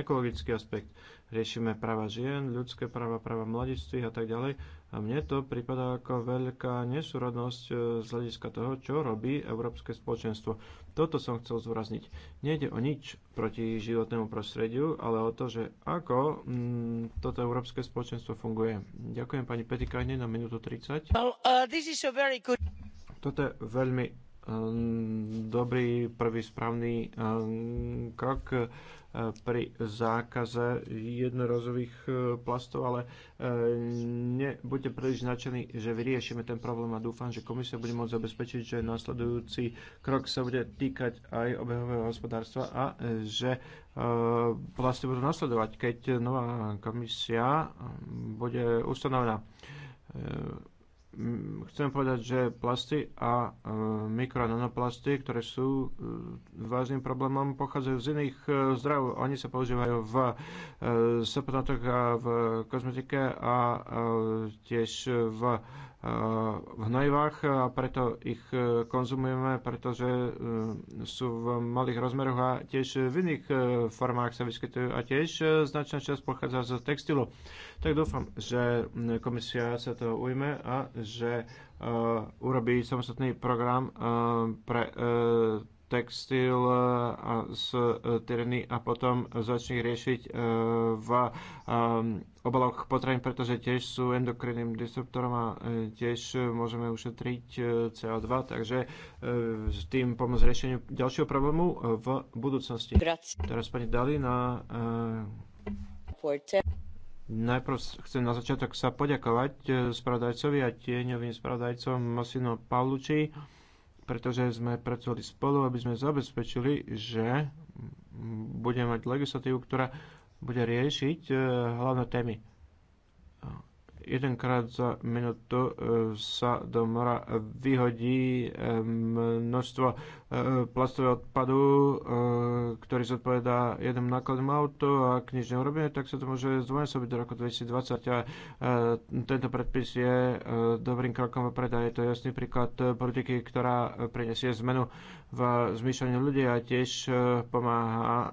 ekologický aspekt riešime práva žien, ľudské práva, práva mladistvých a tak ďalej. A mne to pripadá ako veľká nesúrodnosť e, z hľadiska toho, čo robí Európske spoločenstvo. Toto som chcel zvrazniť. Nejde o nič proti životnému prostrediu, ale o to, že ako mm, toto Európske spoločenstvo funguje. Ďakujem pani Petikajne na minútu 30. Well, uh, this is a very good... Toto je veľmi Ehm, dobrý prvý správny ehm, krok e, pri zákaze jednorazových e, plastov, ale e, nebuďte príliš značení, že vyriešime ten problém a dúfam, že komisia bude môcť zabezpečiť, že nasledujúci krok sa bude týkať aj obehového hospodárstva a že plasty budú nasledovať, keď nová komisia ehm, bude ustanovená. Mm, chcem povedať, že plasty a e, nanoplasty, ktoré sú e, vážnym problémom, pochádzajú z iných e, zdrav. Oni sa používajú v saponátoch a v kozmetike a tiež v v hnojivách a preto ich e, konzumujeme, pretože e, sú v malých rozmeroch a tiež v iných e, formách sa vyskytujú a tiež značná časť pochádza z textilu. Tak dúfam, že komisia sa to ujme a že urobí samostatný program pre textil e, z e, Tyreny a potom začne riešiť e, v obaloch potravín, pretože tiež sú endokrinným disruptorom a tiež môžeme ušetriť CO2, takže s tým pomôcť riešeniu ďalšieho problému v budúcnosti. Grazie. Teraz pani Dali na... Najprv chcem na začiatok sa poďakovať spravodajcovi a tieňovým spravodajcom Masino Pavluči pretože sme pracovali spolu, aby sme zabezpečili, že budeme mať legislatívu, ktorá bude riešiť eh, hlavné témy jedenkrát za minútu e, sa do mora vyhodí e, množstvo e, plastového odpadu, ktorý zodpovedá jednom nákladom auto a knižného robenia, tak sa to môže zdvojnásobiť do roku 2020 a tento predpis je dobrým krokom vopred a je to jasný príklad politiky, ktorá prinesie zmenu v zmýšľaní ľudí a tiež e, pomáha e,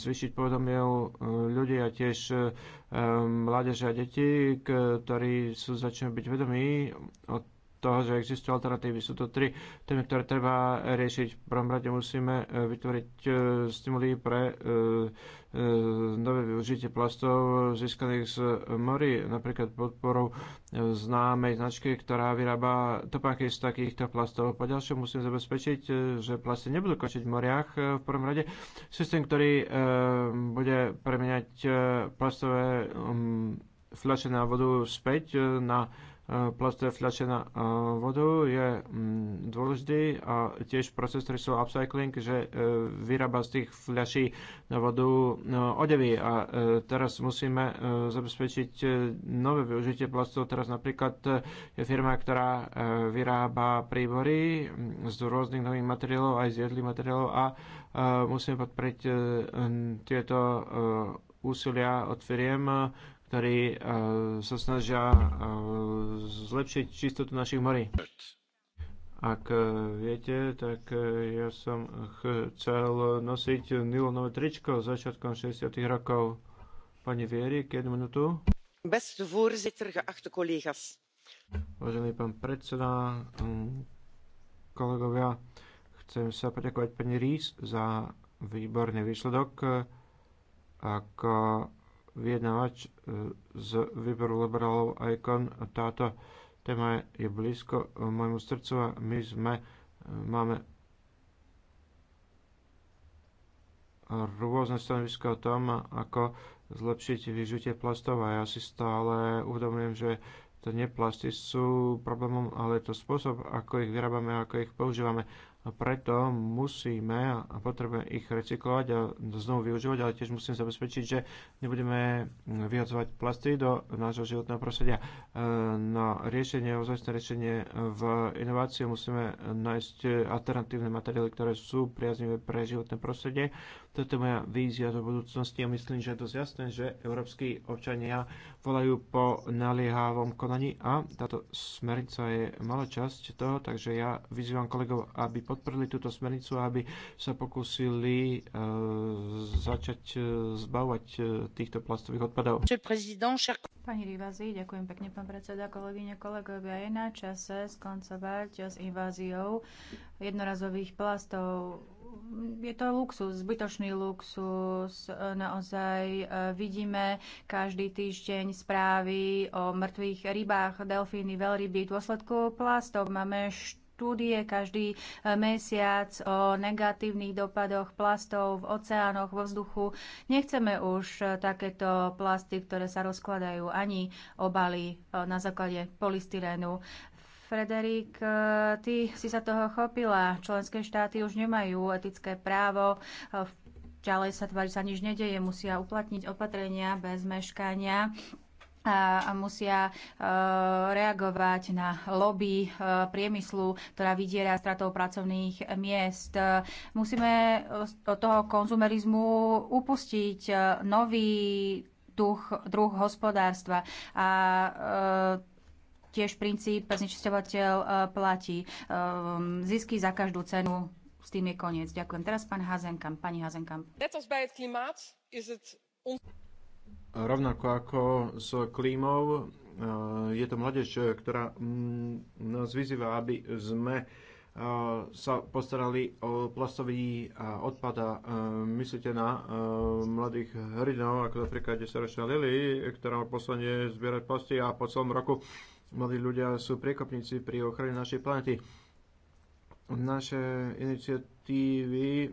zvýšiť povedomie e, ľudí a tiež mládeže a deti, ktorí sú začne byť vedomí o toho, že existujú alternatívy. Sú to tri témy, ktoré treba riešiť. V prvom rade musíme e, vytvoriť e, stimuli pre e, nové využitie plastov získaných z mori, napríklad podporou známej značky, ktorá vyrába topáky z takýchto plastov. Po ďalšom musím zabezpečiť, že plasty nebudú končiť v moriach v prvom rade. Systém, ktorý bude premeniať plastové fľaše na vodu späť na plastové fľaše na vodu je mm, dôležitý a tiež proces, ktorý upcycling, že e, vyrába z tých fľaší na vodu e, odevy a e, teraz musíme zabezpečiť nové využitie plastov. Teraz napríklad je firma, ktorá vyrába príbory mm, z rôznych nových materiálov, aj z jedlých materiálov a musíme podporiť tieto úsilia od firiem ktorí e, sa snažia e, zlepšiť čistotu našich morí. Ak e, viete, tak ja som chcel nosiť nylonové tričko začiatkom 60. rokov. Pani Vierik, jednu minútu. Beste voorzitter, geachte collega's. Vážený pán predseda, kolegovia, chcem sa poďakovať pani Rís za výborný výsledok. Ako vyjednávať e, z výboru liberálov a Táto téma je blízko e, môjmu srdcu a my sme, e, máme rôzne stanoviska o tom, ako zlepšiť vyžitie plastov a ja si stále uvedomujem, že to nie plasty sú problémom, ale je to spôsob, ako ich vyrábame a ako ich používame a preto musíme a potrebujeme ich recyklovať a znovu využívať, ale tiež musíme zabezpečiť, že nebudeme vyhadzovať plasty do nášho životného prostredia. E, na riešenie, ozajstné riešenie v inovácii musíme nájsť alternatívne materiály, ktoré sú priaznivé pre životné prostredie. Toto je moja vízia do budúcnosti a myslím, že je dosť jasné, že európsky občania volajú po naliehavom konaní a táto smernica je malá časť toho, takže ja vyzývam kolegov, aby pod podporili túto smernicu, aby sa pokúsili e, začať e, zbavovať e, týchto plastových odpadov. Pani Rivazi, ďakujem pekne, pán predseda, kolegyne, kolegovia. Je na čase skoncovať s inváziou jednorazových plastov je to luxus, zbytočný luxus. Naozaj vidíme každý týždeň správy o mŕtvych rybách, delfíny, veľryby. V dôsledku plastov máme št- štúdie každý e, mesiac o negatívnych dopadoch plastov v oceánoch, vo vzduchu. Nechceme už e, takéto plasty, ktoré sa rozkladajú ani obaly e, na základe polystyrénu. Frederik, ty si sa toho chopila. Členské štáty už nemajú etické právo ďalej sa tvári, sa nič nedeje, musia uplatniť opatrenia bez meškania a musia e, reagovať na lobby e, priemyslu, ktorá vydiera stratou pracovných miest. Musíme od toho konzumerizmu upustiť e, nový duch, druh hospodárstva a tiež princíp znečisťovateľ platí. Zisky za každú cenu, s tým je koniec. Ďakujem. Teraz pán Hazenkamp, pani Hazenkamp rovnako ako s klímou, e, je to mládež, ktorá mm, nás vyzýva, aby sme e, sa postarali o plastový e, odpad a myslíte na mladých hrdinov, ako napríklad 10-ročná Lily, ktorá posledne zbierať plasty a po celom roku mladí ľudia sú priekopníci pri ochrane našej planety naše iniciatívy e,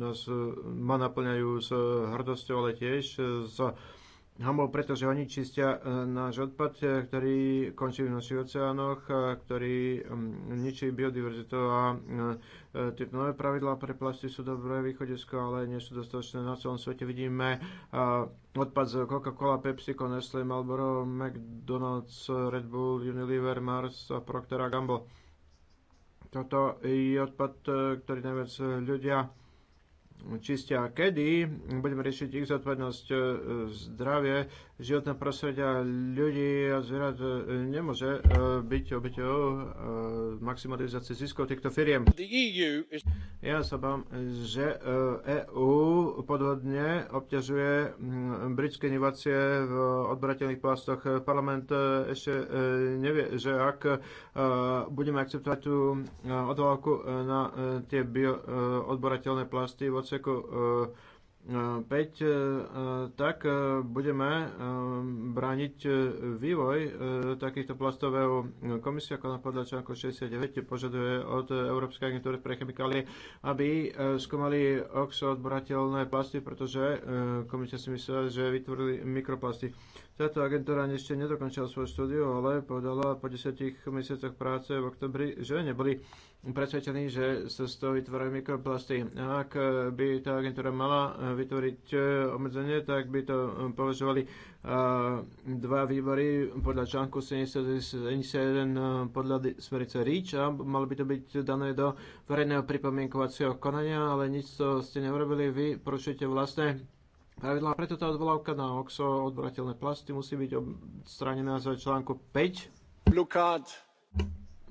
nás e, ma naplňajú s hrdosťou, ale tiež s hambou, pretože oni čistia e, náš odpad, ktorý končí v našich oceánoch, ktorý ničí biodiverzitu a tieto nové pravidlá pre plasty sú dobré východisko, ale nie sú dostatočné. Na celom svete vidíme odpad z Coca-Cola, PepsiCo, Nestle, Marlboro, McDonald's, Red Bull, Unilever, Mars a Procter Gamble toto je odpad, e, ktorý najviac ľudia čistia. Kedy budeme riešiť ich zodpovednosť e, zdravie životného prostredia ľudí a zvierat e, nemôže e, byť obeťou e, maximalizácie ziskov týchto firiem. Ja sa bám, že EU podvodne obťažuje britské inovácie v odberateľných plastoch. Parlament ešte nevie, že ak budeme akceptovať tú odvolávku na tie bio odborateľné plasty v odseku 5, e, e, e, tak budeme brániť vývoj takýchto plastov EU. Komisia, ako podľa článku 69, požaduje od Európskej agentúry pre chemikálie, aby skúmali oxoodborateľné plasty, pretože komisia si myslela, že vytvorili mikroplasty. Táto agentúra ešte nedokončila svoju štúdiu, ale povedala po 10 mesiacoch práce v oktobri, že neboli Presvedčený, že sa z toho vytvárajú mikroplasty. Ak by tá agentúra mala vytvoriť e, obmedzenie, tak by to e, považovali e, dva výbory podľa článku 71 podľa smerice REACH a malo by to byť dané do verejného pripomienkovacieho konania, ale nič to ste neurobili, vy porušujete vlastné pravidlá. Preto tá odvolávka na OXO odvrateľné plasty musí byť odstranená z článku 5. Blokát.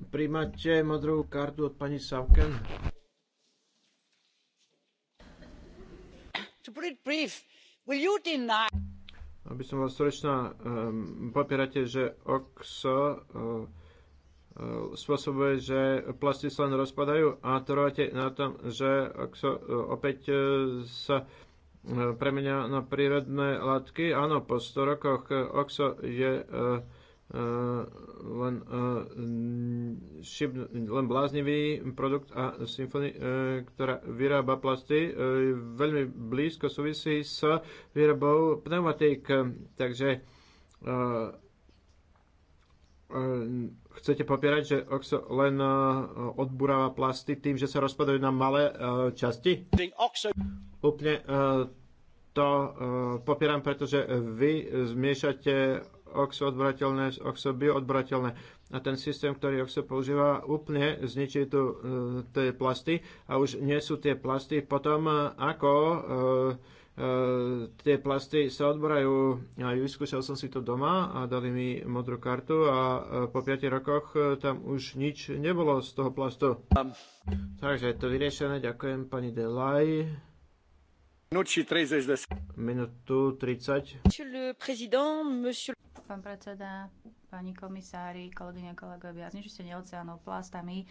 Primáte modrú kartu od pani Savken? Aby som vás srečná, um, ehm, popierate, že OXO uh, spôsobuje, že plasty sa len rozpadajú a trvate na tom, že OXO eh, opäť sa premenia na prírodné látky. Áno, po 100 rokoch OXO je uh, Eh, len, eh, šip, len bláznivý produkt a Symfony, eh, ktorá vyrába plasty, veľmi blízko súvisí s výrobou pneumatík. Takže chcete popierať, že OXO len odburáva plasty tým, že sa rozpadajú na malé časti? Úplne to popieram, pretože vy zmiešate oxo odbrateľné z oxo bioodbrateľné. A ten systém, ktorý oxo používa, úplne zničí tu e, tie plasty a už nie sú tie plasty potom e, ako e, tie plasty sa odborajú. A vyskúšal som si to doma a dali mi modrú kartu a po 5 rokoch tam už nič nebolo z toho plastu. Takže je to vyriešené. Ďakujem pani Delaj. Minútu 30. 30. Monsieur le président, monsieur pán predseda, pani komisári, kolegyne, kolegovia. znižite oceánov plastami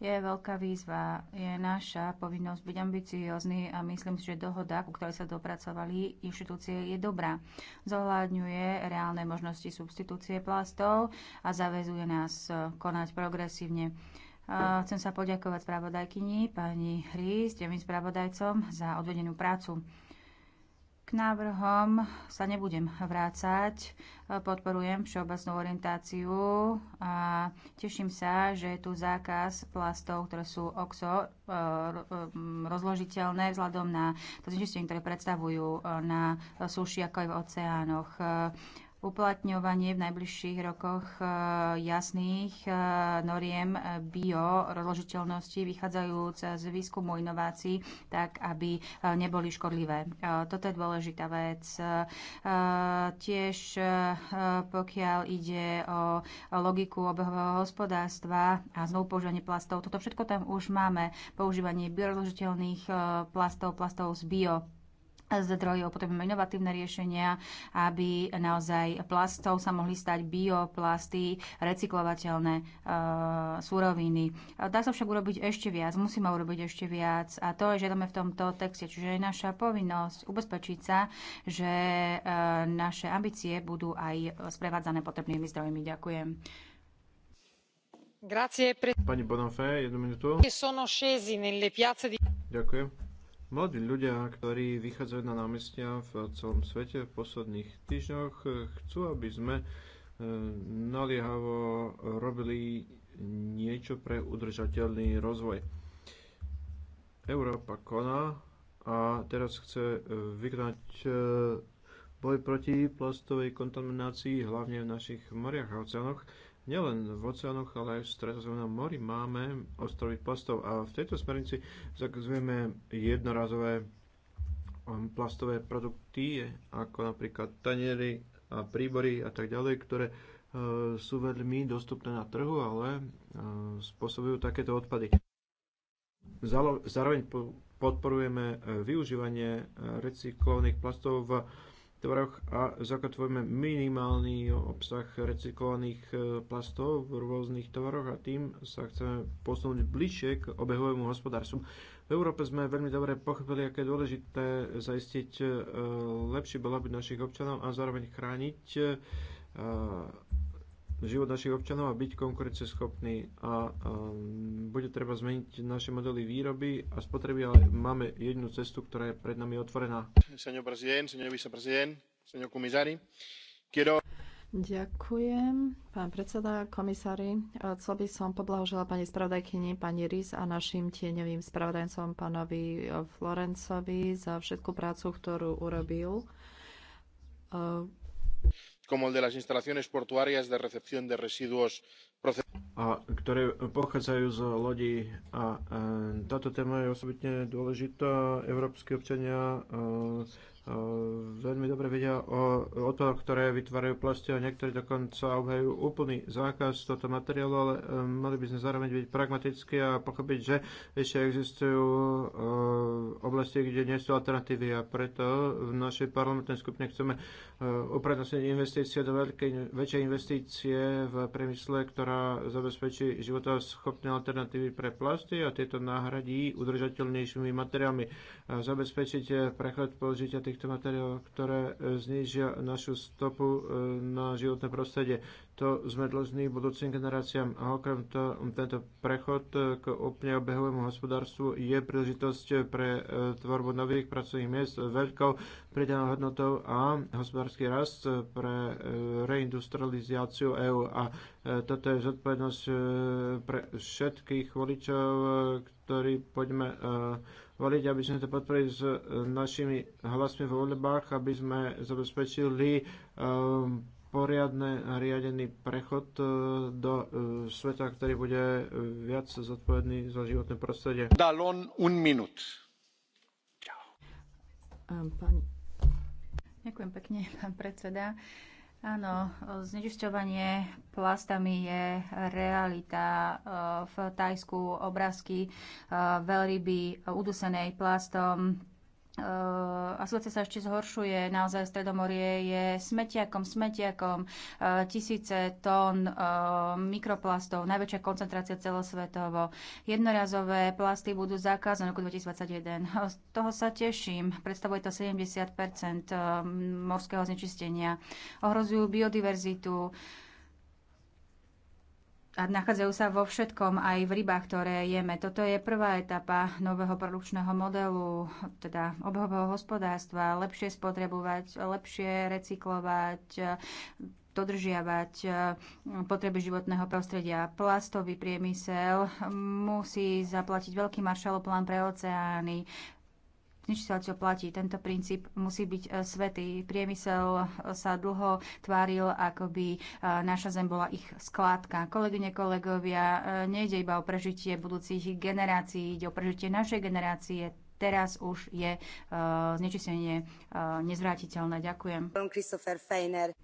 je veľká výzva. Je naša povinnosť byť ambiciózny a myslím si, že dohoda, ku ktorej sa dopracovali inštitúcie, je dobrá. Zohľadňuje reálne možnosti substitúcie plastov a zavezuje nás konať progresívne. Chcem sa poďakovať spravodajkyni pani Hry, s spravodajcom za odvedenú prácu návrhom sa nebudem vrácať. Podporujem všeobecnú orientáciu a teším sa, že je tu zákaz plastov, ktoré sú oxo e, e, rozložiteľné vzhľadom na to znečistenie, ktoré predstavujú e, na suši ako aj v oceánoch uplatňovanie v najbližších rokoch e, jasných e, noriem e, bio rozložiteľnosti vychádzajúc z výskumu inovácií, tak aby neboli škodlivé. Toto je dôležitá vec. Tiež pokiaľ ide o logiku obehového hospodárstva a znovupoužívanie plastov, toto všetko tam už máme. Používanie biorozložiteľných plastov, plastov z bio zdrojov, potrebujeme inovatívne riešenia, aby naozaj plastov sa mohli stať bioplasty, recyklovateľné e, súroviny. Dá sa však urobiť ešte viac, musíme urobiť ešte viac a to žiadame v tomto texte, čiže je naša povinnosť ubezpečiť sa, že e, naše ambície budú aj sprevádzané potrebnými zdrojmi. Ďakujem. Grazie, Pani Bonafé, jednu minútu. Ďakujem Mladí ľudia, ktorí vychádzajú na námestia v celom svete v posledných týždňoch, chcú, aby sme e, naliehavo robili niečo pre udržateľný rozvoj. Európa koná a teraz chce e, vykonať e, boj proti plastovej kontaminácii, hlavne v našich moriach a oceánoch nielen v oceánoch, ale aj v stredozemnom mori máme ostrovy plastov a v tejto smernici zakazujeme jednorazové um, plastové produkty, ako napríklad taniery a príbory a tak ďalej, ktoré uh, sú veľmi dostupné na trhu, ale uh, spôsobujú takéto odpady. Zároveň podporujeme uh, využívanie recyklovaných plastov v tvaroch a zakotvujeme minimálny obsah recyklovaných e, plastov v rôznych tvoroch a tým sa chceme posunúť bližšie k obehovému hospodárstvu. V Európe sme veľmi dobre pochopili, aké je dôležité zaistiť e, lepší blahobyt našich občanov a zároveň chrániť e, život našich občanov a byť konkurenceschopný. A um, bude treba zmeniť naše modely výroby a spotreby, ale máme jednu cestu, ktorá je pred nami otvorená. prezident, viceprezident, quiero... Ďakujem, pán predseda, komisári. Chcel by som poblahožila pani spravodajkyni, pani Rys a našim tieňovým spravodajcom, pánovi Florencovi, za všetku prácu, ktorú urobil como el de las instalaciones portuarias de recepción de residuos a ktoré pochádzajú z lodí. A, táto téma je osobitne dôležitá. Európsky občania veľmi dobre vedia o odpadoch, ktoré vytvárajú plasty a niektorí dokonca obhajú úplný zákaz tohto materiálu, ale e, mali by sme zároveň byť pragmatickí a pochopiť, že ešte existujú e, oblasti, kde nie sú alternatívy a preto v našej parlamentnej skupine chceme e, uprednostniť investície do veľkej, väčšej investície v priemysle, ktorá zabezpečí životoschopné alternatívy pre plasty a tieto náhradí udržateľnejšími materiálmi. Zabezpečiť prechod použitia tých týchto materiálov, ktoré e, znížia našu stopu e, na životné prostredie. To sme dlžní budúcim generáciám. A okrem toho, tento prechod e, k úplne obehovému hospodárstvu je príležitosť pre tvorbu nových pracovných miest veľkou pridanou hodnotou a hospodársky rast pre reindustrializáciu EÚ. A toto je zodpovednosť pre všetkých voličov, ktorí poďme voliť, aby sme to podporili s eh, našimi hlasmi vo voľbách, aby sme zabezpečili eh, poriadne riadený prechod eh, do sveta, ktorý bude viac zodpovedný za životné prostredie. Dalon, un minút. Ehm, Ďakujem pekne, pán predseda. Áno, znečišťovanie plastami je realita. Eh, v Tajsku obrázky eh, veľryby udusenej plastom Ehm, a situácia sa ešte zhoršuje. Naozaj Stredomorie je smetiakom, smetiakom, ehm, tisíce tón ehm, mikroplastov, najväčšia koncentrácia celosvetovo. Jednorazové plasty budú zakázané v roku 2021. Z toho sa teším. Predstavuje to 70 morského znečistenia. Ohrozujú biodiverzitu a nachádzajú sa vo všetkom, aj v rybách, ktoré jeme. Toto je prvá etapa nového produkčného modelu, teda obhového hospodárstva, lepšie spotrebovať, lepšie recyklovať, dodržiavať eh, potreby životného prostredia. Plastový priemysel musí zaplatiť veľký maršaloplán pre oceány, nič sa čo platí. Tento princíp musí byť e, svetý. Priemysel e, sa dlho tváril, ako by e, naša zem bola ich skládka. Kolegyne, kolegovia, nejde iba o prežitie budúcich generácií, ide o prežitie našej generácie. Teraz už je znečistenie nezvrátiteľné. Ďakujem. Christopher Feiner.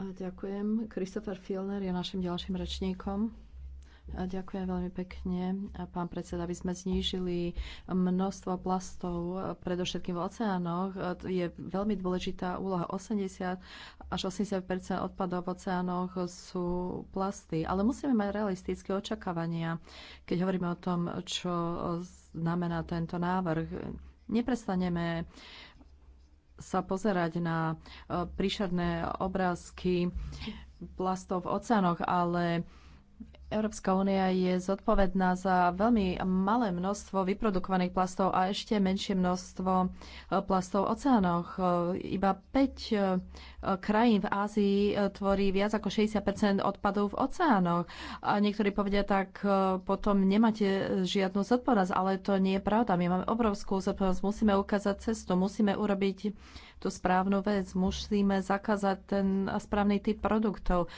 A ďakujem. Christopher Filner je našim ďalším rečníkom. Ďakujem veľmi pekne. A pán predseda, aby sme znížili množstvo plastov, predovšetkým v oceánoch, je veľmi dôležitá úloha. 80 až 80 odpadov v oceánoch sú plasty. Ale musíme mať realistické očakávania, keď hovoríme o tom, čo znamená tento návrh. Neprestaneme sa pozerať na e, príšerné obrázky plastov v oceánoch, ale Európska únia je zodpovedná za veľmi malé množstvo vyprodukovaných plastov a ešte menšie množstvo e, plastov v oceánoch. E, iba 5 e, krajín v Ázii tvorí viac ako 60 odpadov v oceánoch. A niektorí povedia, tak potom nemáte žiadnu zodpovednosť, ale to nie je pravda. My máme obrovskú zodpovednosť. Musíme ukázať cestu, musíme urobiť tú správnu vec, musíme zakázať ten správny typ produktov